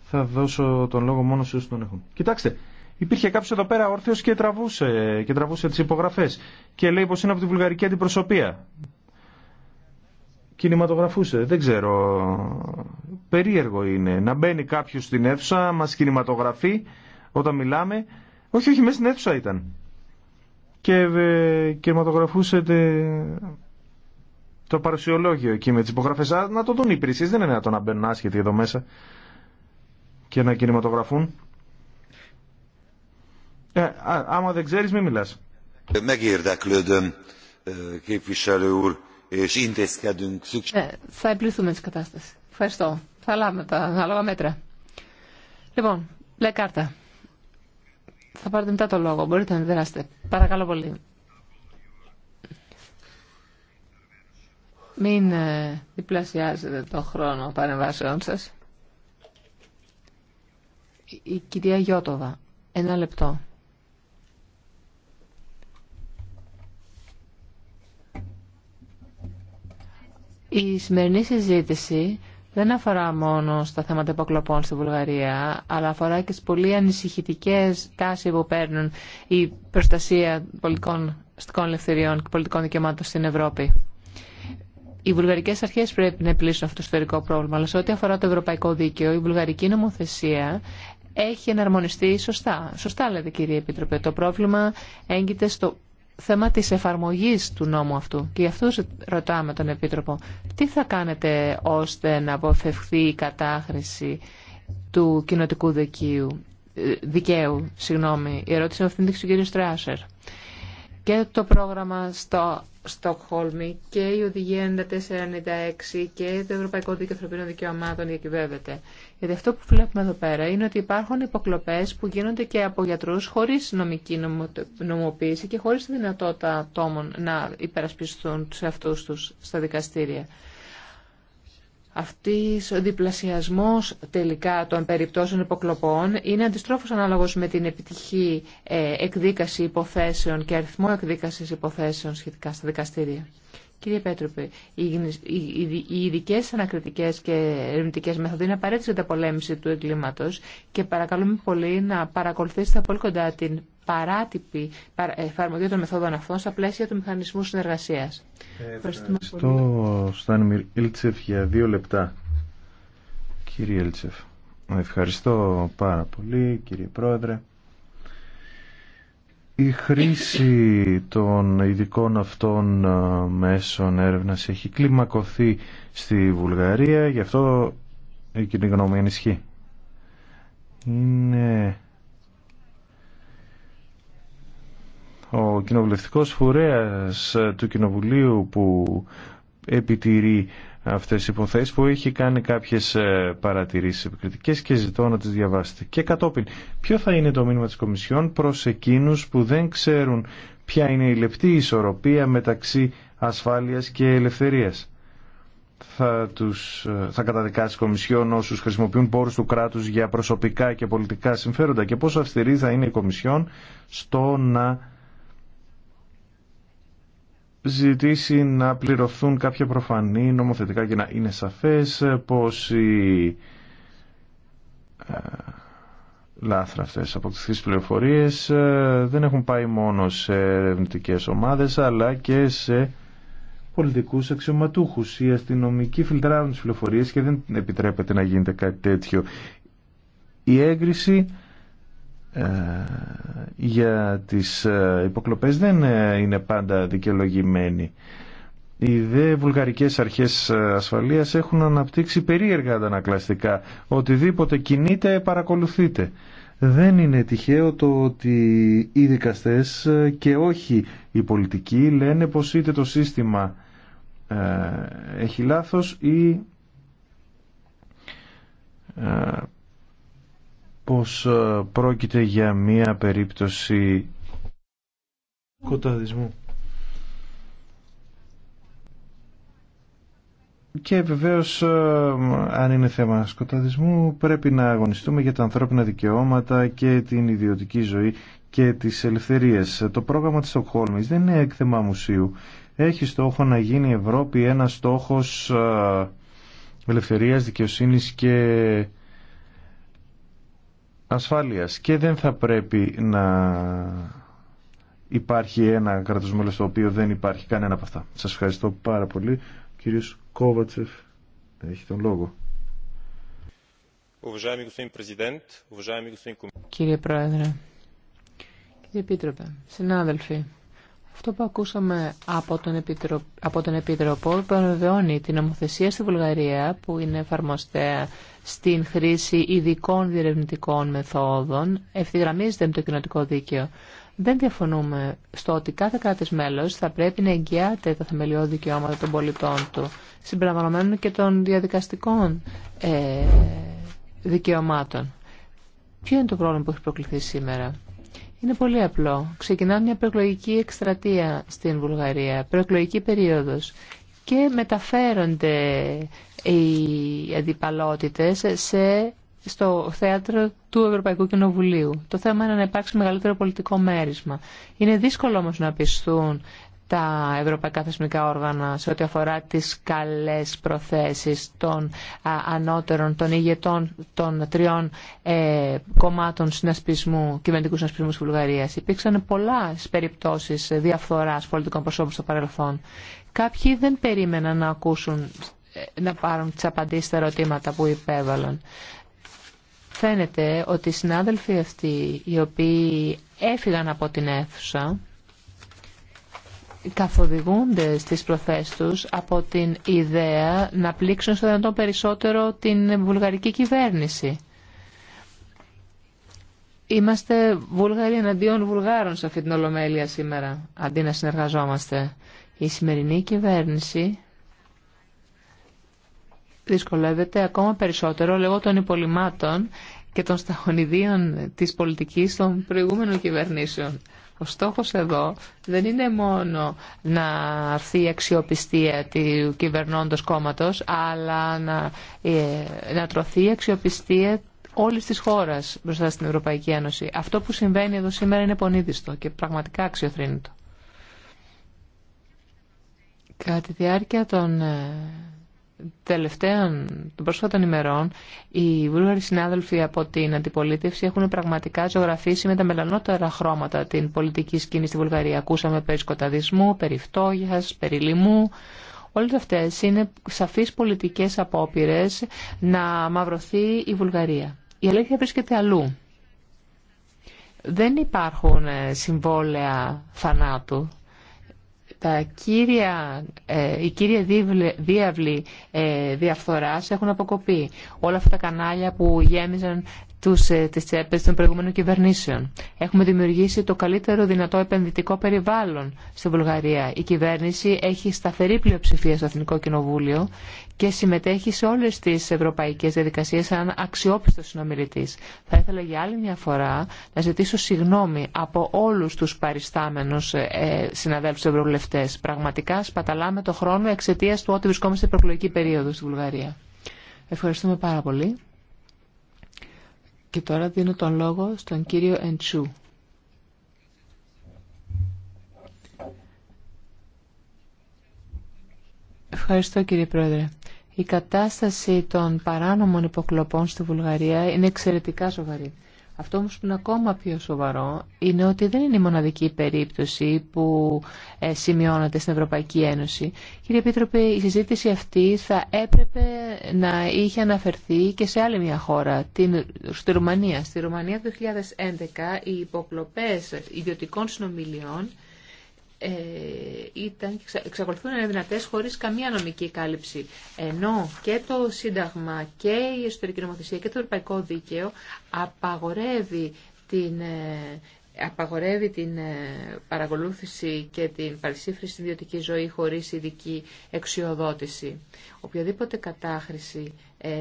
Θα δώσω τον λόγο μόνο σε όσους τον έχουν. Κοιτάξτε, υπήρχε κάποιος εδώ πέρα όρθιος και τραβούσε, και τραβούσε τις υπογραφές και λέει πως είναι από τη βουλγαρική αντιπροσωπεία. Κινηματογραφούσε, δεν ξέρω. Περίεργο είναι να μπαίνει κάποιος στην αίθουσα, μας κινηματογραφεί όταν μιλάμε. Όχι, όχι, μέσα στην αίθουσα ήταν. Και ε, το παρουσιολόγιο εκεί με τι υπογραφέ Να το δουν οι υπηρεσίε. δεν είναι το να μπαίνουν άσχετοι εδώ μέσα και να κινηματογραφούν. Ε, άμα δεν ξέρει, μην μιλά. θα εμπληθούμε τη κατάσταση. Ευχαριστώ. Θα λάβουμε τα ανάλογα μέτρα. Λοιπόν, μπλε κάρτα. Θα πάρετε μετά το λόγο. Μπορείτε να αντιδράσετε. Παρακαλώ πολύ. Μην ε, διπλασιάζετε το χρόνο παρεμβάσεών σας. Η κυρία Γιώτοβα, ένα λεπτό. Η σημερινή συζήτηση δεν αφορά μόνο στα θέματα υποκλοπών στη Βουλγαρία, αλλά αφορά και τι πολύ ανησυχητικέ τάσει που παίρνουν η προστασία πολιτικών ελευθεριών και πολιτικών δικαιωμάτων στην Ευρώπη οι βουλγαρικέ αρχέ πρέπει να επιλύσουν αυτό το ιστορικό πρόβλημα. Αλλά σε ό,τι αφορά το ευρωπαϊκό δίκαιο, η βουλγαρική νομοθεσία έχει εναρμονιστεί σωστά. Σωστά λέτε, κύριε Επίτροπε. Το πρόβλημα έγκυται στο θέμα της εφαρμογής του νόμου αυτού. Και γι' αυτό ρωτάμε τον Επίτροπο, τι θα κάνετε ώστε να αποφευχθεί η κατάχρηση του κοινοτικού δικαίου. Ε, δικαίου συγγνώμη. Η ερώτηση αυτή είναι του κ. Στράσερ. Και το πρόγραμμα στο Στοκχόλμη και η Οδηγία 9496 και το Ευρωπαϊκό Δίκαιο Ανθρωπίνων Δικαιωμάτων διακυβεύεται. Γιατί αυτό που βλέπουμε εδώ πέρα είναι ότι υπάρχουν υποκλοπέ που γίνονται και από γιατρού χωρί νομική νομοποίηση και χωρί τη δυνατότητα ατόμων να υπερασπιστούν του εαυτού του στα δικαστήρια αυτής ο διπλασιασμός τελικά των περιπτώσεων υποκλοπών είναι αντιστρόφως ανάλογος με την επιτυχή ε, εκδίκαση υποθέσεων και αριθμό εκδίκασης υποθέσεων σχετικά στα δικαστήρια. Κύριε Πέτροπε, οι ειδικέ ανακριτικέ και ερευνητικέ μέθοδοι είναι απαραίτητε για την πολέμηση του εγκλήματο και παρακαλούμε πολύ να παρακολουθήσετε πολύ κοντά την παράτυπη εφαρμογή των μεθόδων αυτών στα πλαίσια του μηχανισμού συνεργασίας. Ε, ευχαριστώ, Στάνιμιρ Ήλτσεφ, για δύο λεπτά. Κύριε Ήλτσεφ. ευχαριστώ πάρα πολύ, κύριε Πρόεδρε. Η χρήση των ειδικών αυτών ε, μέσων έρευνας έχει κλιμακωθεί στη Βουλγαρία, γι' αυτό η κοινή γνώμη ενισχύει. Είναι ο κοινοβουλευτικός φορέας του Κοινοβουλίου που επιτηρεί αυτές τις υποθέσεις που έχει κάνει κάποιες ε, παρατηρήσεις επικριτικές και ζητώ να τις διαβάσετε. Και κατόπιν, ποιο θα είναι το μήνυμα της Κομισιόν προς εκείνους που δεν ξέρουν ποια είναι η λεπτή ισορροπία μεταξύ ασφάλειας και ελευθερίας. Θα, τους, ε, θα καταδικάσει η Κομισιόν όσους χρησιμοποιούν πόρους του κράτους για προσωπικά και πολιτικά συμφέροντα και πόσο αυστηρή θα είναι η Κομισιόν στο να ζητήσει να πληρωθούν κάποια προφανή νομοθετικά και να είναι σαφές πως οι ε, λάθρα αυτές από πληροφορίες ε, δεν έχουν πάει μόνο σε ερευνητικέ ομάδες αλλά και σε πολιτικούς αξιωματούχους. Οι αστυνομικοί φιλτράρουν τις πληροφορίες και δεν επιτρέπεται να γίνεται κάτι τέτοιο. Η έγκριση ε, για τις ε, υποκλοπές δεν ε, είναι πάντα δικαιολογημένοι. Οι δε βουλγαρικές αρχές ασφαλείας έχουν αναπτύξει περίεργα αντανακλαστικά. Οτιδήποτε κινείται παρακολουθείτε. Δεν είναι τυχαίο το ότι οι δικαστές και όχι οι πολιτικοί λένε πως είτε το σύστημα έχει λάθος ή πως ε, πρόκειται για μία περίπτωση κοταδισμού. Και βεβαίως ε, αν είναι θέμα σκοταδισμού πρέπει να αγωνιστούμε για τα ανθρώπινα δικαιώματα και την ιδιωτική ζωή και τις ελευθερίες. Το πρόγραμμα της Στοκχόλμης δεν είναι έκθεμα μουσείου. Έχει στόχο να γίνει η Ευρώπη ένα στόχος ε, ελευθερίας, δικαιοσύνης και ασφάλειας και δεν θα πρέπει να υπάρχει ένα κράτος μέλος το οποίο δεν υπάρχει κανένα από αυτά. Σας ευχαριστώ πάρα πολύ. Ο κύριος Κόβατσεφ έχει τον λόγο. Κύριε Πρόεδρε, κύριε Επίτροπε, συνάδελφοι, αυτό που ακούσαμε από τον, Επιτροπό την νομοθεσία στη Βουλγαρία που είναι εφαρμοστέα στην χρήση ειδικών διερευνητικών μεθόδων, ευθυγραμμίζεται με το κοινοτικό δίκαιο. Δεν διαφωνούμε στο ότι κάθε κράτης μέλος θα πρέπει να εγγυάται τα θεμελιώδη δικαιώματα των πολιτών του, συμπεριλαμβανομένων και των διαδικαστικών ε, δικαιωμάτων. Ποιο είναι το πρόβλημα που έχει προκληθεί σήμερα. Είναι πολύ απλό. Ξεκινά μια προεκλογική εκστρατεία στην Βουλγαρία, προεκλογική περίοδος και μεταφέρονται οι αντιπαλότητες σε, στο θέατρο του Ευρωπαϊκού Κοινοβουλίου. Το θέμα είναι να υπάρξει μεγαλύτερο πολιτικό μέρισμα. Είναι δύσκολο όμως να πιστούν τα ευρωπαϊκά θεσμικά όργανα σε ό,τι αφορά τις καλές προθέσεις των ανώτερων, των ηγετών των τριών ε, κομμάτων συνασπισμού, κυβερνητικού συνασπισμού της Βουλγαρίας. Υπήρξαν πολλά περιπτώσεις διαφθοράς πολιτικών προσώπων στο παρελθόν. Κάποιοι δεν περίμεναν να ακούσουν, ε, να πάρουν τις απαντήσεις στα ερωτήματα που υπέβαλαν. Φαίνεται ότι οι συνάδελφοι αυτοί, οι οποίοι έφυγαν από την αίθουσα, καθοδηγούνται στις προθέσεις τους από την ιδέα να πλήξουν στο δυνατόν περισσότερο την βουλγαρική κυβέρνηση. Είμαστε Βούλγαροι εναντίον Βουλγάρων σε αυτή την Ολομέλεια σήμερα, αντί να συνεργαζόμαστε. Η σημερινή κυβέρνηση δυσκολεύεται ακόμα περισσότερο λόγω των υπολοιμάτων και των σταγονιδίων της πολιτικής των προηγούμενων κυβερνήσεων. Ο στόχος εδώ δεν είναι μόνο να αρθεί η αξιοπιστία του κυβερνώντος κόμματος, αλλά να, ε, να τρωθεί η αξιοπιστία όλη τη χώρα μπροστά στην Ευρωπαϊκή Ένωση. Αυτό που συμβαίνει εδώ σήμερα είναι πονίδιστο και πραγματικά αξιοθρύνητο. Κατά τη διάρκεια των ε, τελευταίων, των πρόσφατων ημερών οι βούλγαροι συνάδελφοι από την αντιπολίτευση έχουν πραγματικά ζωγραφίσει με τα μελανότερα χρώματα την πολιτική σκηνή στη Βουλγαρία. Ακούσαμε περί σκοταδισμού, περί φτώγιας, περί λοιμού. Όλες αυτές είναι σαφείς πολιτικές απόπειρε να μαυρωθεί η Βουλγαρία. Η αλήθεια βρίσκεται αλλού. Δεν υπάρχουν ε, συμβόλαια θανάτου τα κύρια, ε, οι κύρια διάβλοι ε, διαφθοράς έχουν αποκοπεί. Όλα αυτά τα κανάλια που γέμιζαν τους, ε, τις τσέπες των προηγούμενων κυβερνήσεων. Έχουμε δημιουργήσει το καλύτερο δυνατό επενδυτικό περιβάλλον στη Βουλγαρία. Η κυβέρνηση έχει σταθερή πλειοψηφία στο Εθνικό Κοινοβούλιο και συμμετέχει σε όλες τις ευρωπαϊκές διαδικασίες σαν αξιόπιστο συνομιλητή. Θα ήθελα για άλλη μια φορά να ζητήσω συγγνώμη από όλους τους παριστάμενου ε, συναδέλφους ευρωβουλευτές. Πραγματικά σπαταλάμε το χρόνο εξαιτία του ότι βρισκόμαστε προκλογική περίοδο στη Βουλγαρία. Ευχαριστούμε πάρα πολύ. Και τώρα δίνω τον λόγο στον κύριο Εντσού. Ευχαριστώ κύριε Πρόεδρε. Η κατάσταση των παράνομων υποκλοπών στη Βουλγαρία είναι εξαιρετικά σοβαρή. Αυτό όμως που είναι ακόμα πιο σοβαρό είναι ότι δεν είναι η μοναδική περίπτωση που ε, σημειώνεται στην Ευρωπαϊκή Ένωση. Κύριε Επίτροπε, η συζήτηση αυτή θα έπρεπε να είχε αναφερθεί και σε άλλη μια χώρα, την, στη Ρουμανία. Στη Ρουμανία το 2011 οι υποκλοπές ιδιωτικών συνομιλιών ε, ήταν, εξακολουθούν να είναι δυνατές χωρίς καμία νομική κάλυψη. Ενώ και το Σύνταγμα και η εσωτερική νομοθεσία και το Ευρωπαϊκό Δίκαιο απαγορεύει την, ε, απαγορεύει την ε, παρακολούθηση και την παρισύφρηση στην ιδιωτική ζωή χωρίς ειδική εξιοδότηση. Οποιαδήποτε κατάχρηση ε,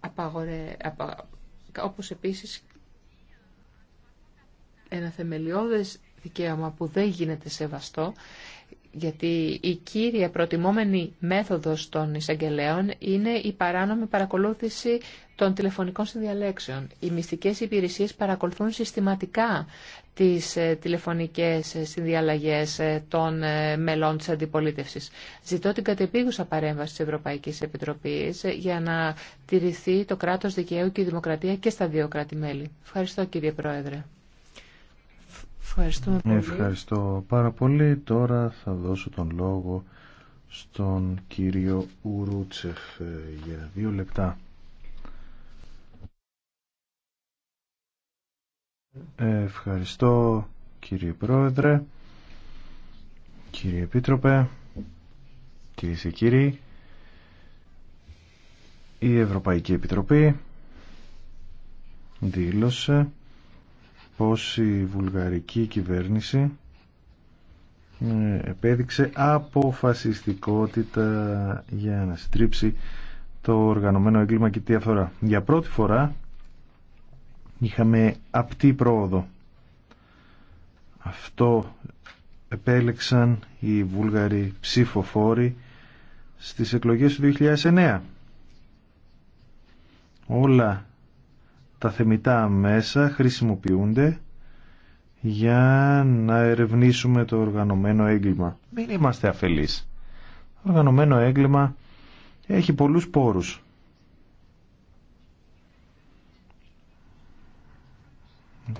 απαγορε, όπως επίσης ένα θεμελιώδες δικαίωμα που δεν γίνεται σεβαστό, γιατί η κύρια προτιμόμενη μέθοδος των εισαγγελέων είναι η παράνομη παρακολούθηση των τηλεφωνικών συνδιαλέξεων. Οι μυστικές υπηρεσίες παρακολουθούν συστηματικά τις ε, τηλεφωνικές ε, συνδιαλλαγές ε, των μελών της αντιπολίτευσης. Ζητώ την κατεπίγουσα παρέμβαση της Ευρωπαϊκής Επιτροπής για να τηρηθεί το κράτος δικαίου και η δημοκρατία και στα δύο κράτη-μέλη. Ευχαριστώ κύριε Πρόεδρε. Ευχαριστώ πάρα πολύ. Τώρα θα δώσω τον λόγο στον κύριο Ουρούτσεφ ε, για δύο λεπτά. Ευχαριστώ κύριε Πρόεδρε, κύριε Επίτροπε, κύριε και κύριοι. Η Ευρωπαϊκή Επιτροπή δήλωσε πως η βουλγαρική κυβέρνηση ε, επέδειξε αποφασιστικότητα για να στρίψει το οργανωμένο έγκλημα και τη αφορά. Για πρώτη φορά είχαμε απτή πρόοδο. Αυτό επέλεξαν οι Βούλγαροι ψηφοφόροι στις εκλογές του 2009. Όλα τα θεμητά μέσα χρησιμοποιούνται για να ερευνήσουμε το οργανωμένο έγκλημα. Μην είμαστε αφελείς. Το οργανωμένο έγκλημα έχει πολλούς πόρους.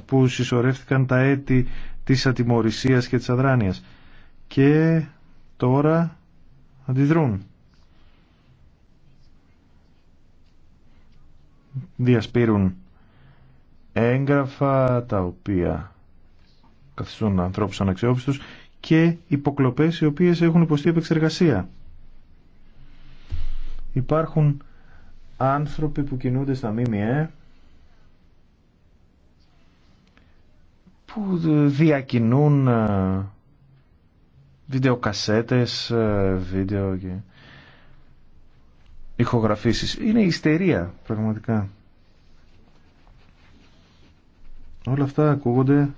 που συσσωρεύτηκαν τα έτη της ατιμορρησίας και της αδράνειας και τώρα αντιδρούν. Διασπείρουν έγγραφα τα οποία καθιστούν ανθρώπους αναξιόπιστους και υποκλοπές οι οποίες έχουν υποστεί επεξεργασία. Υπάρχουν άνθρωποι που κινούνται στα ΜΜΕ που διακινούν ε, βιντεοκασέτες, ε, βίντεο και ηχογραφήσεις. Είναι ιστερία πραγματικά. Όλα αυτά ακούγονται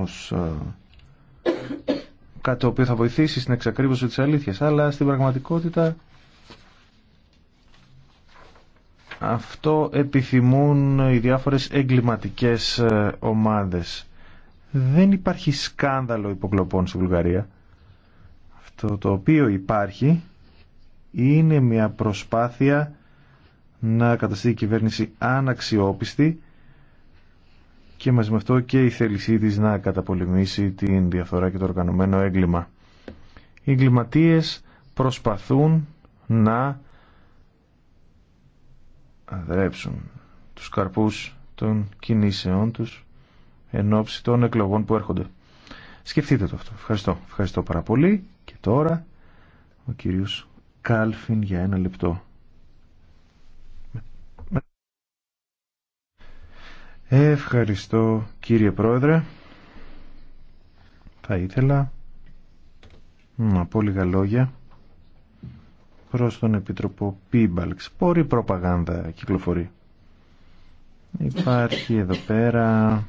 ως κάτι το οποίο θα βοηθήσει στην εξακρίβωση της αλήθειας αλλά στην πραγματικότητα αυτό επιθυμούν οι διάφορες εγκληματικές ε, ομάδες δεν υπάρχει σκάνδαλο υποκλοπών στη Βουλγαρία αυτό το οποίο υπάρχει είναι μια προσπάθεια να καταστεί η κυβέρνηση αναξιόπιστη και μαζί με αυτό και η θέλησή της να καταπολεμήσει την διαφθορά και το οργανωμένο έγκλημα. Οι εγκληματίες προσπαθούν να αδρέψουν τους καρπούς των κινήσεών τους εν ώψη των εκλογών που έρχονται. Σκεφτείτε το αυτό. Ευχαριστώ. Ευχαριστώ πάρα πολύ. Και τώρα ο κύριος Κάλφιν για ένα λεπτό. Ευχαριστώ κύριε Πρόεδρε. Θα ήθελα να πω λίγα λόγια προς τον Επίτροπο Πίμπαλξ. Πόρη προπαγάνδα κυκλοφορεί. Υπάρχει εδώ πέρα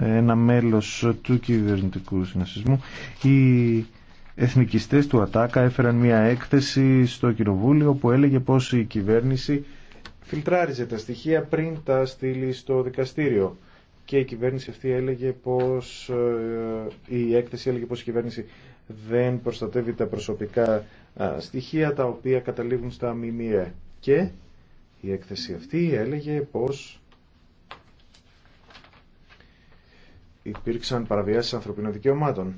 ένα μέλος του κυβερνητικού συνασπισμού. Οι εθνικιστές του ΑΤΑΚΑ έφεραν μια έκθεση στο Κοινοβούλιο που έλεγε πως η κυβέρνηση φιλτράριζε τα στοιχεία πριν τα στείλει στο δικαστήριο. Και η κυβέρνηση αυτή έλεγε πως, ε, η έκθεση έλεγε πως η κυβέρνηση δεν προστατεύει τα προσωπικά στοιχεία τα οποία καταλήγουν στα ΜΜΕ. Και η έκθεση αυτή έλεγε πως υπήρξαν παραβιάσεις ανθρωπίνων δικαιωμάτων.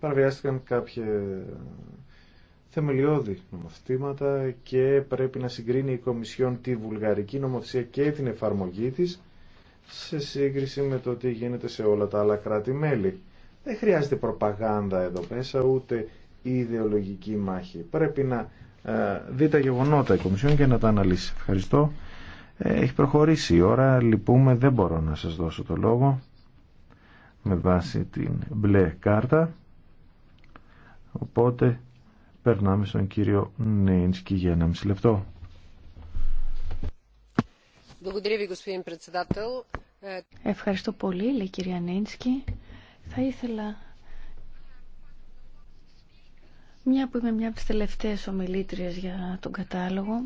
Παραβιάστηκαν κάποια θεμελιώδη νομοθετήματα και πρέπει να συγκρίνει η Κομισιόν τη βουλγαρική νομοθεσία και την εφαρμογή της σε σύγκριση με το τι γίνεται σε όλα τα άλλα κράτη-μέλη. Δεν χρειάζεται προπαγάνδα εδώ μέσα, ούτε ιδεολογική μάχη. Πρέπει να ε, δει τα γεγονότα η Κομισιόν και να τα αναλύσει. Ευχαριστώ. Ε, έχει προχωρήσει η ώρα, λυπούμε, δεν μπορώ να σας δώσω το λόγο με βάση την μπλε κάρτα. Οπότε Περνάμε στον κύριο Νέινσκι για ένα μισή λεπτό. Ευχαριστώ πολύ, λέει η κυρία Νέινσκι. Θα ήθελα, μια που είμαι μια από τις τελευταίες ομιλήτριες για τον κατάλογο,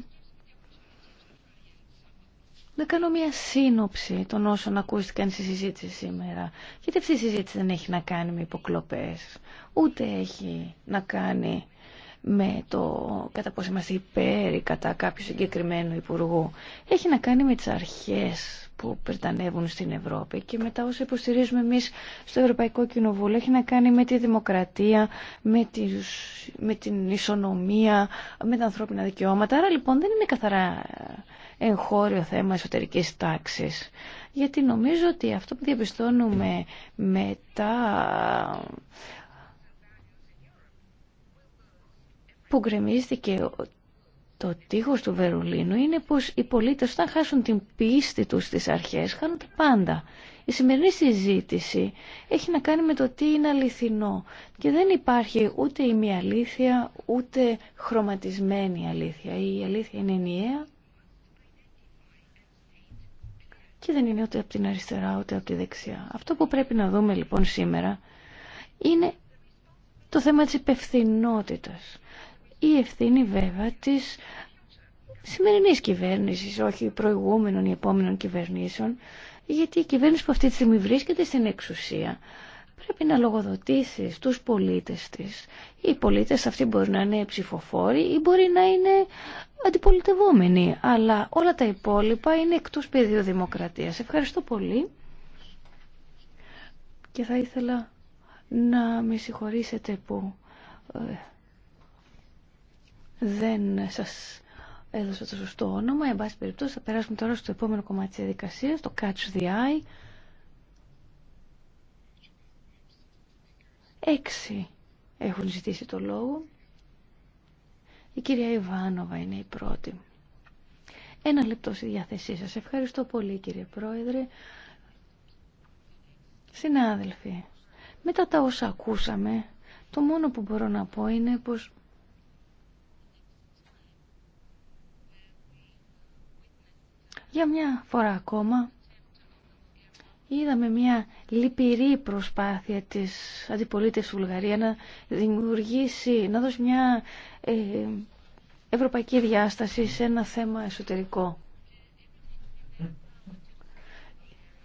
να κάνω μια σύνοψη των όσων ακούστηκαν στη συζήτηση σήμερα. Γιατί αυτή η συζήτηση δεν έχει να κάνει με υποκλοπές, ούτε έχει να κάνει με το κατά πόσο είμαστε υπέρ ή κατά κάποιου συγκεκριμένου υπουργού. Έχει να κάνει με τις αρχές που περτανεύουν στην Ευρώπη και μετά όσο υποστηρίζουμε εμείς στο Ευρωπαϊκό Κοινοβούλιο έχει να κάνει με τη δημοκρατία, με, με την ισονομία, με τα ανθρώπινα δικαιώματα. Άρα λοιπόν δεν είναι καθαρά εγχώριο θέμα εσωτερικής τάξης. Γιατί νομίζω ότι αυτό που διαπιστώνουμε μετά που γκρεμίστηκε το τείχος του Βερολίνου είναι πως οι πολίτες όταν χάσουν την πίστη τους στις αρχές χάνουν τα πάντα. Η σημερινή συζήτηση έχει να κάνει με το τι είναι αληθινό και δεν υπάρχει ούτε η μία αλήθεια ούτε χρωματισμένη αλήθεια. Η αλήθεια είναι ενιαία και δεν είναι ούτε από την αριστερά ούτε από τη δεξιά. Αυτό που πρέπει να δούμε λοιπόν σήμερα είναι το θέμα της υπευθυνότητας η ευθύνη βέβαια της σημερινής κυβέρνησης, όχι προηγούμενων ή επόμενων κυβερνήσεων, γιατί η κυβέρνηση που αυτή τη στιγμή βρίσκεται στην εξουσία πρέπει να λογοδοτήσει στους πολίτες της. Οι πολίτες αυτοί μπορεί να είναι ψηφοφόροι ή μπορεί να είναι αντιπολιτευόμενοι, αλλά όλα τα υπόλοιπα είναι εκτός πεδίου δημοκρατίας. Ευχαριστώ πολύ και θα ήθελα να με συγχωρήσετε που ε, δεν σας έδωσα το σωστό όνομα. Εν πάση περιπτώσει θα περάσουμε τώρα στο επόμενο κομμάτι της διαδικασίας, το Catch the Eye. Έξι έχουν ζητήσει το λόγο. Η κυρία Ιβάνοβα είναι η πρώτη. Ένα λεπτό στη διάθεσή σας. Ευχαριστώ πολύ κύριε Πρόεδρε. Συνάδελφοι, μετά τα όσα ακούσαμε, το μόνο που μπορώ να πω είναι πως Για μια φορά ακόμα είδαμε μια λυπηρή προσπάθεια της αντιπολίτευσης Βουλγαρία να δημιουργήσει, να δώσει μια ε, ευρωπαϊκή διάσταση σε ένα θέμα εσωτερικό.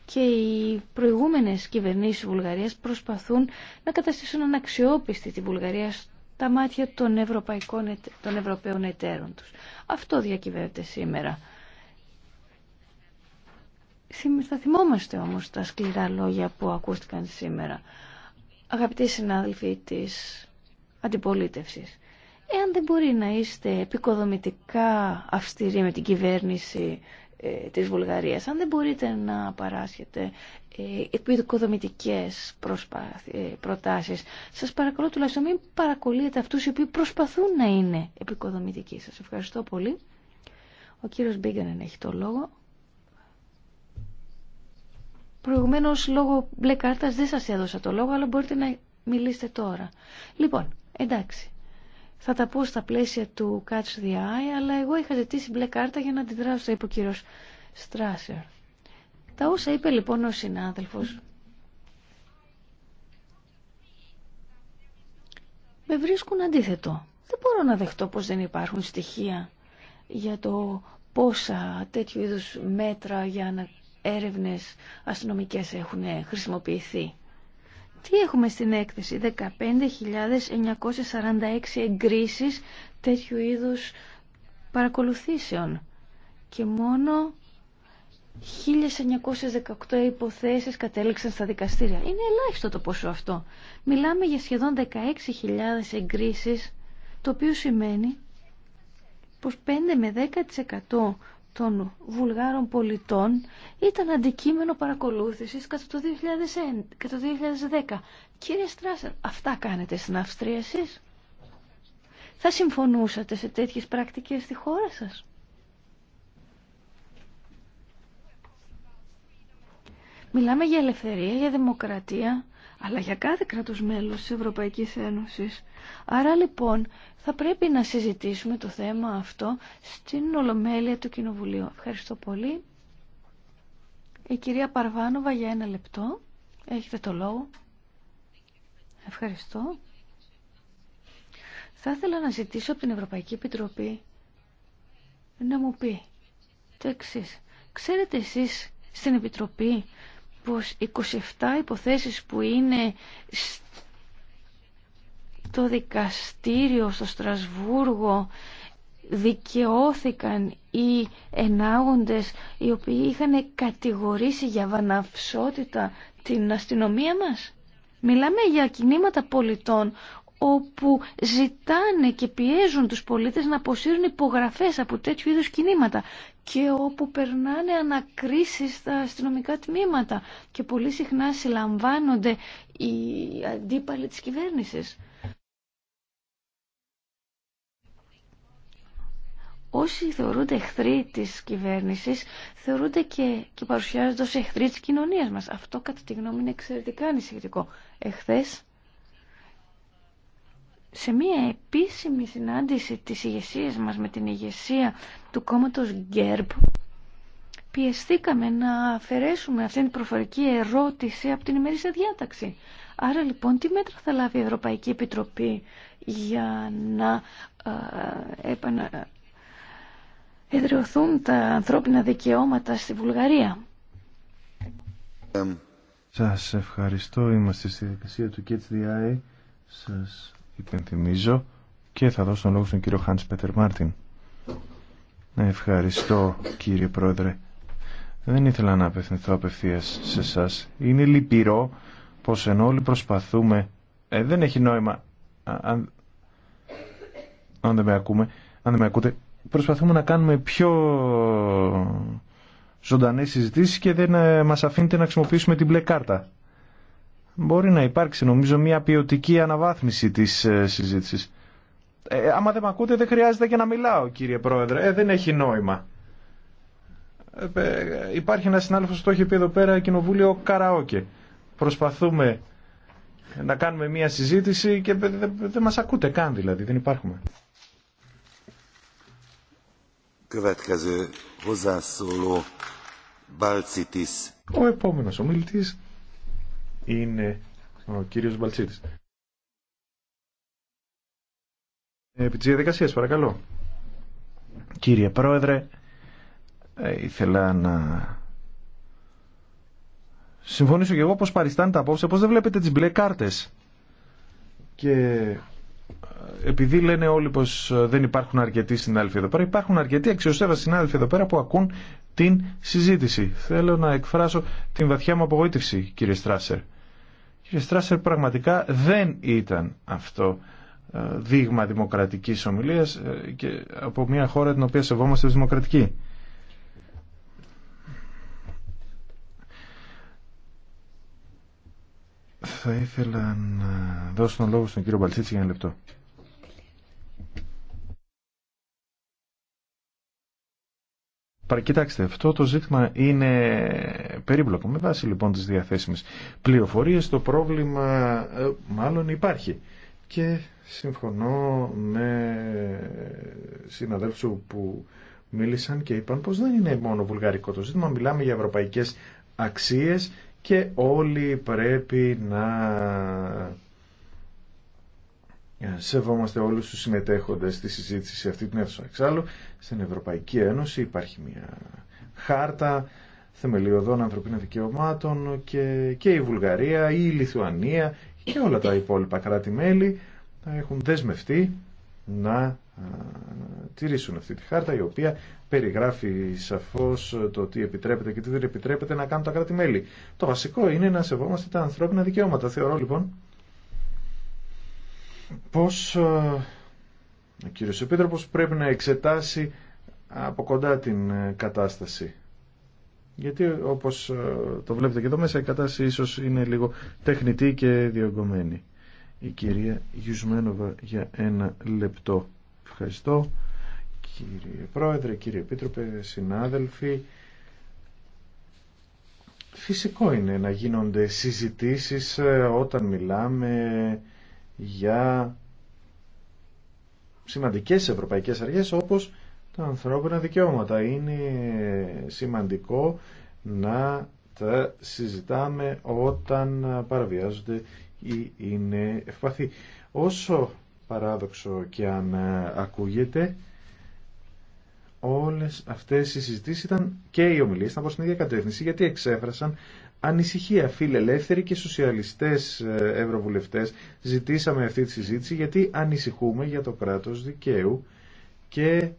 και οι προηγούμενες κυβερνήσεις Βουλγαρίας προσπαθούν να καταστήσουν αναξιόπιστη τη Βουλγαρία στα μάτια των, ευρωπαϊκών, των Ευρωπαίων εταίρων τους. Αυτό διακυβεύεται σήμερα. Θα θυμόμαστε όμως τα σκληρά λόγια που ακούστηκαν σήμερα. Αγαπητοί συνάδελφοι της αντιπολίτευσης, εάν δεν μπορεί να είστε επικοδομητικά αυστηροί με την κυβέρνηση ε, της Βουλγαρίας, αν δεν μπορείτε να παράσχετε ε, επικοδομητικές ε, προτάσεις, σας παρακαλώ τουλάχιστον μην παρακολύετε αυτούς οι οποίοι προσπαθούν να είναι επικοδομητικοί. Σας ευχαριστώ πολύ. Ο κύριος Μπίγκανεν έχει το λόγο. Προηγουμένως λόγω μπλε κάρτας δεν σας έδωσα το λόγο, αλλά μπορείτε να μιλήσετε τώρα. Λοιπόν, εντάξει. Θα τα πω στα πλαίσια του Catch the Eye, αλλά εγώ είχα ζητήσει μπλε κάρτα για να αντιδράσω, είπε ο κύριο Στράσερ. Τα όσα είπε λοιπόν ο συνάδελφος, με βρίσκουν αντίθετο. Δεν μπορώ να δεχτώ πως δεν υπάρχουν στοιχεία για το πόσα τέτοιου είδους μέτρα για να έρευνες αστυνομικές έχουν χρησιμοποιηθεί. Τι έχουμε στην έκθεση, 15.946 εγκρίσεις τέτοιου είδους παρακολουθήσεων και μόνο 1.918 υποθέσεις κατέληξαν στα δικαστήρια. Είναι ελάχιστο το ποσό αυτό. Μιλάμε για σχεδόν 16.000 εγκρίσεις, το οποίο σημαίνει πως 5 με 10% των Βουλγάρων πολιτών ήταν αντικείμενο παρακολούθησης κατά το 2010. Κύριε Στράσερ, αυτά κάνετε στην Αυστρία εσείς. Θα συμφωνούσατε σε τέτοιες πρακτικές στη χώρα σας. Μιλάμε για ελευθερία, για δημοκρατία αλλά για κάθε κράτος μέλος της Ευρωπαϊκής Ένωσης. Άρα λοιπόν θα πρέπει να συζητήσουμε το θέμα αυτό στην Ολομέλεια του Κοινοβουλίου. Ευχαριστώ πολύ. Η κυρία Παρβάνοβα για ένα λεπτό. Έχετε το λόγο. Ευχαριστώ. Θα ήθελα να ζητήσω από την Ευρωπαϊκή Επιτροπή να μου πει το εξή. Ξέρετε εσείς στην Επιτροπή πως 27 υποθέσεις που είναι στο δικαστήριο στο Στρασβούργο δικαιώθηκαν οι ενάγοντες οι οποίοι είχαν κατηγορήσει για βαναυσότητα την αστυνομία μας. Μιλάμε για κινήματα πολιτών όπου ζητάνε και πιέζουν τους πολίτες να αποσύρουν υπογραφές από τέτοιου είδους κινήματα και όπου περνάνε ανακρίσεις στα αστυνομικά τμήματα και πολύ συχνά συλλαμβάνονται οι αντίπαλοι της κυβέρνησης. Όσοι θεωρούνται εχθροί της κυβέρνησης θεωρούνται και, και παρουσιάζονται ως εχθροί της κοινωνίας μας. Αυτό κατά τη γνώμη είναι εξαιρετικά ανησυχητικό. Εχθές σε μία επίσημη συνάντηση της ηγεσία μας με την ηγεσία του κόμματος Γκέρμπ πιεστήκαμε να αφαιρέσουμε αυτή την προφορική ερώτηση από την ημερήσια διάταξη. Άρα λοιπόν τι μέτρα θα λάβει η Ευρωπαϊκή Επιτροπή για να ε, ε, εδραιωθούν τα ανθρώπινα δικαιώματα στη Βουλγαρία. Σας ευχαριστώ. Είμαστε στη διαδικασία του KTDI. Σας υπενθυμίζω και θα δώσω τον λόγο στον κύριο Χάνς Πέτερ Μάρτιν. Ευχαριστώ κύριε Πρόεδρε. Δεν ήθελα να απευθυνθώ απευθεία σε εσά. Είναι λυπηρό πως ενώ όλοι προσπαθούμε... Ε, δεν έχει νόημα αν, δεν με ακούμε, αν δεν με ακούτε. Προσπαθούμε να κάνουμε πιο ζωντανές συζητήσεις και δεν ε, μας αφήνετε να χρησιμοποιήσουμε την μπλε κάρτα μπορεί να υπάρξει νομίζω μια ποιοτική αναβάθμιση της ε, συζήτησης. Ε, άμα δεν με ακούτε δεν χρειάζεται και να μιλάω κύριε Πρόεδρε. Ε, δεν έχει νόημα. Ε, υπάρχει ένα συνάδελφος που το έχει πει εδώ πέρα κοινοβούλιο καραόκε. Προσπαθούμε να κάνουμε μια συζήτηση και δεν μας ακούτε καν δηλαδή, δεν υπάρχουμε. Ο επόμενος ομιλητής είναι ο κύριος Μπαλτσίτης. Επί της διαδικασίας, παρακαλώ. Κύριε Πρόεδρε, ε, ήθελα να συμφωνήσω και εγώ πως τα απόψε, πως δεν βλέπετε τις μπλε κάρτες. Και ε, επειδή λένε όλοι πως ε, δεν υπάρχουν αρκετοί συνάδελφοι εδώ πέρα, υπάρχουν αρκετοί αξιοσέβα συνάδελφοι εδώ πέρα που ακούν την συζήτηση. Θέλω να εκφράσω την βαθιά μου απογοήτευση, κύριε Στράσερ κύριε Στράσερ, πραγματικά δεν ήταν αυτό ε, δείγμα δημοκρατικής ομιλίας ε, και από μια χώρα την οποία σεβόμαστε ως δημοκρατική. Θα ήθελα να δώσω τον λόγο στον κύριο Μπαλτσίτση για ένα λεπτό. Κοιτάξτε, αυτό το ζήτημα είναι περίπλοκο. Με βάση λοιπόν τις διαθέσιμες πληροφορίες το πρόβλημα ε, μάλλον υπάρχει. Και συμφωνώ με συναδέλφους που μίλησαν και είπαν πως δεν είναι μόνο βουλγαρικό το ζήτημα. Μιλάμε για ευρωπαϊκές αξίες και όλοι πρέπει να σεβόμαστε όλους τους συμμετέχοντες στη συζήτηση σε αυτή την αίθουσα. Εξάλλου, στην Ευρωπαϊκή Ένωση. Υπάρχει μια χάρτα θεμελιωδών ανθρωπίνων δικαιωμάτων και, και η Βουλγαρία ή η Λιθουανία και όλα τα υπόλοιπα κράτη-μέλη έχουν δεσμευτεί να τηρήσουν αυτή τη χάρτα η οποία περιγράφει σαφώς το τι επιτρέπεται και τι δεν επιτρέπεται να κάνουν τα κράτη-μέλη. Το βασικό είναι να σεβόμαστε τα ανθρώπινα δικαιώματα. Θεωρώ λοιπόν πως ο κύριος Επίτροπος πρέπει να εξετάσει από κοντά την ε, κατάσταση. Γιατί όπως ε, το βλέπετε και εδώ μέσα η κατάσταση ίσως είναι λίγο τεχνητή και διωγγωμένη. Η κυρία Γιουσμένοβα για ένα λεπτό. Ευχαριστώ. Κύριε Πρόεδρε, κύριε Επίτροπε, συνάδελφοι. Φυσικό είναι να γίνονται συζητήσεις ε, όταν μιλάμε για σημαντικές ευρωπαϊκές αρχές όπως τα ανθρώπινα δικαιώματα. Είναι σημαντικό να τα συζητάμε όταν παραβιάζονται ή είναι ευπαθή. Όσο παράδοξο και αν ακούγεται, όλες αυτές οι συζητήσεις ήταν και οι ομιλίες ήταν προς την ίδια κατεύθυνση γιατί εξέφρασαν ανησυχία φιλελεύθεροι και σοσιαλιστές ε, ευρωβουλευτές ζητήσαμε αυτή τη συζήτηση γιατί ανησυχούμε για το κράτος δικαίου και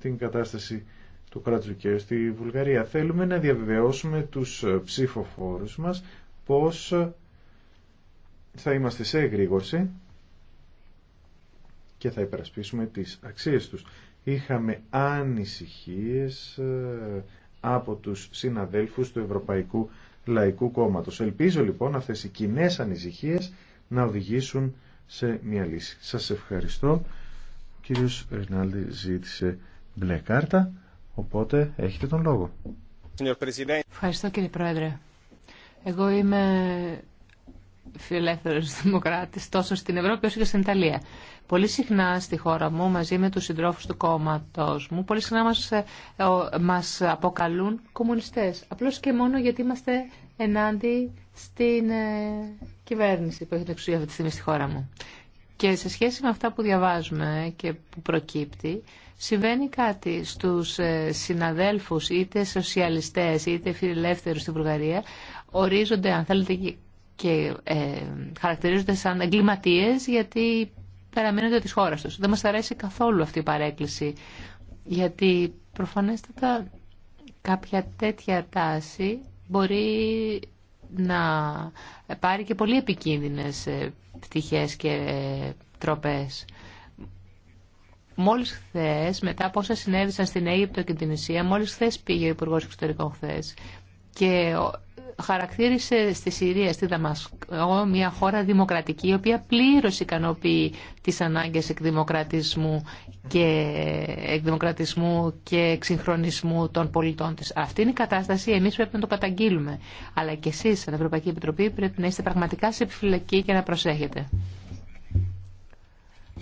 την κατάσταση του κράτους δικαίου στη Βουλγαρία. Θέλουμε να διαβεβαιώσουμε τους ε, ψηφοφόρους μας πως ε, θα είμαστε σε εγρήγορση και θα υπερασπίσουμε τις αξίες τους. Είχαμε ανησυχίες από τους συναδέλφους του Ευρωπαϊκού Λαϊκού Κόμματος. Ελπίζω λοιπόν αυτές οι κοινέ ανησυχίε να οδηγήσουν σε μια λύση. Σας ευχαριστώ. Ο κύριος Ρινάλδη ζήτησε μπλε κάρτα, οπότε έχετε τον λόγο. Ευχαριστώ κύριε Πρόεδρε. Εγώ είμαι φιλελεύθερο δημοκράτης τόσο στην Ευρώπη όσο και στην Ιταλία. Πολύ συχνά στη χώρα μου μαζί με τους συντρόφους του κόμματό μου πολύ συχνά ε, μας, αποκαλούν κομμουνιστές. Απλώς και μόνο γιατί είμαστε ενάντι στην ε, κυβέρνηση που έχει την εξουσία αυτή τη στιγμή στη χώρα μου. Και σε σχέση με αυτά που διαβάζουμε και που προκύπτει, συμβαίνει κάτι στους ε, συναδέλφους είτε σοσιαλιστές είτε φιλελεύθερους στην Βουλγαρία, ορίζονται αν θέλετε και ε, χαρακτηρίζονται σαν εγκληματίε γιατί παραμείνονται τη χώρα του. Δεν μα αρέσει καθόλου αυτή η παρέκκληση γιατί προφανέστατα κάποια τέτοια τάση μπορεί να πάρει και πολύ επικίνδυνες ε, πτυχές και ε, τροπές. Μόλις χθε, μετά από όσα συνέβησαν στην Αίγυπτο και την Ισία, μόλις χθε πήγε ο Υπουργό Εξωτερικών χθε και χαρακτήρισε στη Συρία, στη Δαμασκό, μια χώρα δημοκρατική, η οποία πλήρως ικανοποιεί τις ανάγκες εκδημοκρατισμού και, εκδημοκρατισμού και εξυγχρονισμού των πολιτών τη. Αυτή είναι η κατάσταση, Εμεί πρέπει να το καταγγείλουμε. Αλλά και εσείς, σαν Ευρωπαϊκή Επιτροπή, πρέπει να είστε πραγματικά σε επιφυλακή και να προσέχετε.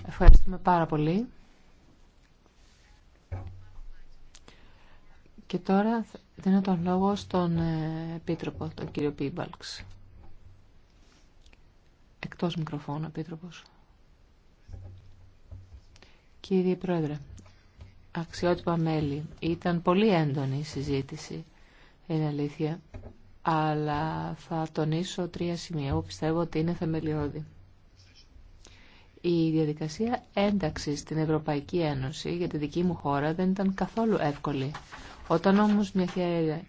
Ευχαριστούμε πάρα πολύ. Και τώρα Δίνω τον λόγο στον ε, Επίτροπο, τον κύριο Πίμπαλξ. Εκτός μικροφώνου, Επίτροπος. Κύριε Πρόεδρε, αξιότυπα μέλη, ήταν πολύ έντονη η συζήτηση, είναι αλήθεια, αλλά θα τονίσω τρία σημεία που πιστεύω ότι είναι θεμελιώδη. Η διαδικασία ένταξης στην Ευρωπαϊκή Ένωση για τη δική μου χώρα δεν ήταν καθόλου εύκολη. Όταν όμως μια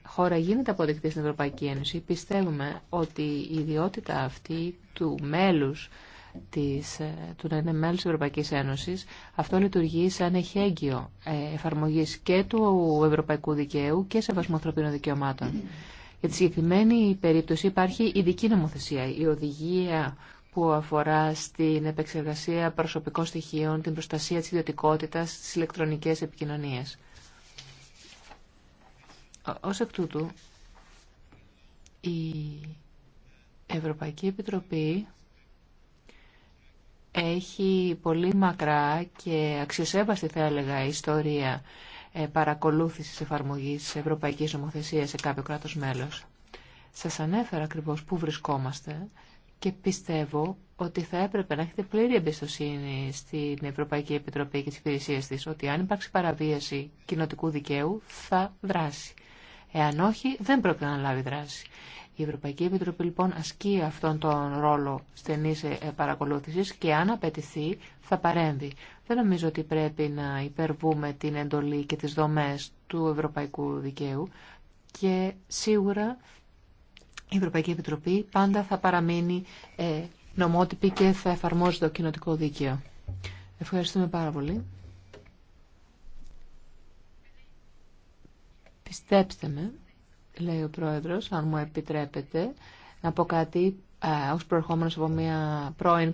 χώρα γίνεται αποδεκτή στην Ευρωπαϊκή Ένωση, πιστεύουμε ότι η ιδιότητα αυτή του μέλους της, ε, του να είναι μέλος της Ευρωπαϊκής Ένωσης, αυτό λειτουργεί σαν εχέγγυο ε, εφαρμογής και του ευρωπαϊκού δικαίου και σε βασμό ανθρωπίνων δικαιωμάτων. Για τη συγκεκριμένη περίπτωση υπάρχει ειδική νομοθεσία, η οδηγία που αφορά στην επεξεργασία προσωπικών στοιχείων, την προστασία της ιδιωτικότητας, στις ηλεκτρονικές επικοινωνίες. Ως εκ τούτου, η Ευρωπαϊκή Επιτροπή έχει πολύ μακρά και αξιοσέβαστη θα έλεγα ιστορία ε, παρακολούθησης εφαρμογής της Ευρωπαϊκής Νομοθεσίας σε κάποιο κράτος μέλος. Σας ανέφερα ακριβώς πού βρισκόμαστε και πιστεύω ότι θα έπρεπε να έχετε πλήρη εμπιστοσύνη στην Ευρωπαϊκή Επιτροπή και τις υπηρεσίες της, ότι αν υπάρξει παραβίαση κοινοτικού δικαίου θα δράσει. Εάν όχι, δεν πρόκειται να λάβει δράση. Η Ευρωπαϊκή Επιτροπή λοιπόν ασκεί αυτόν τον ρόλο στενή ε, παρακολούθηση και αν απαιτηθεί θα παρέμβει. Δεν νομίζω ότι πρέπει να υπερβούμε την εντολή και τις δομές του Ευρωπαϊκού Δικαίου και σίγουρα η Ευρωπαϊκή Επιτροπή πάντα θα παραμείνει ε, νομότυπη και θα εφαρμόζει το κοινοτικό δίκαιο. Ευχαριστούμε πάρα πολύ. Πιστέψτε με, λέει ο Πρόεδρος, αν μου επιτρέπετε, να πω κάτι ε, ως προερχόμενος από μια πρώην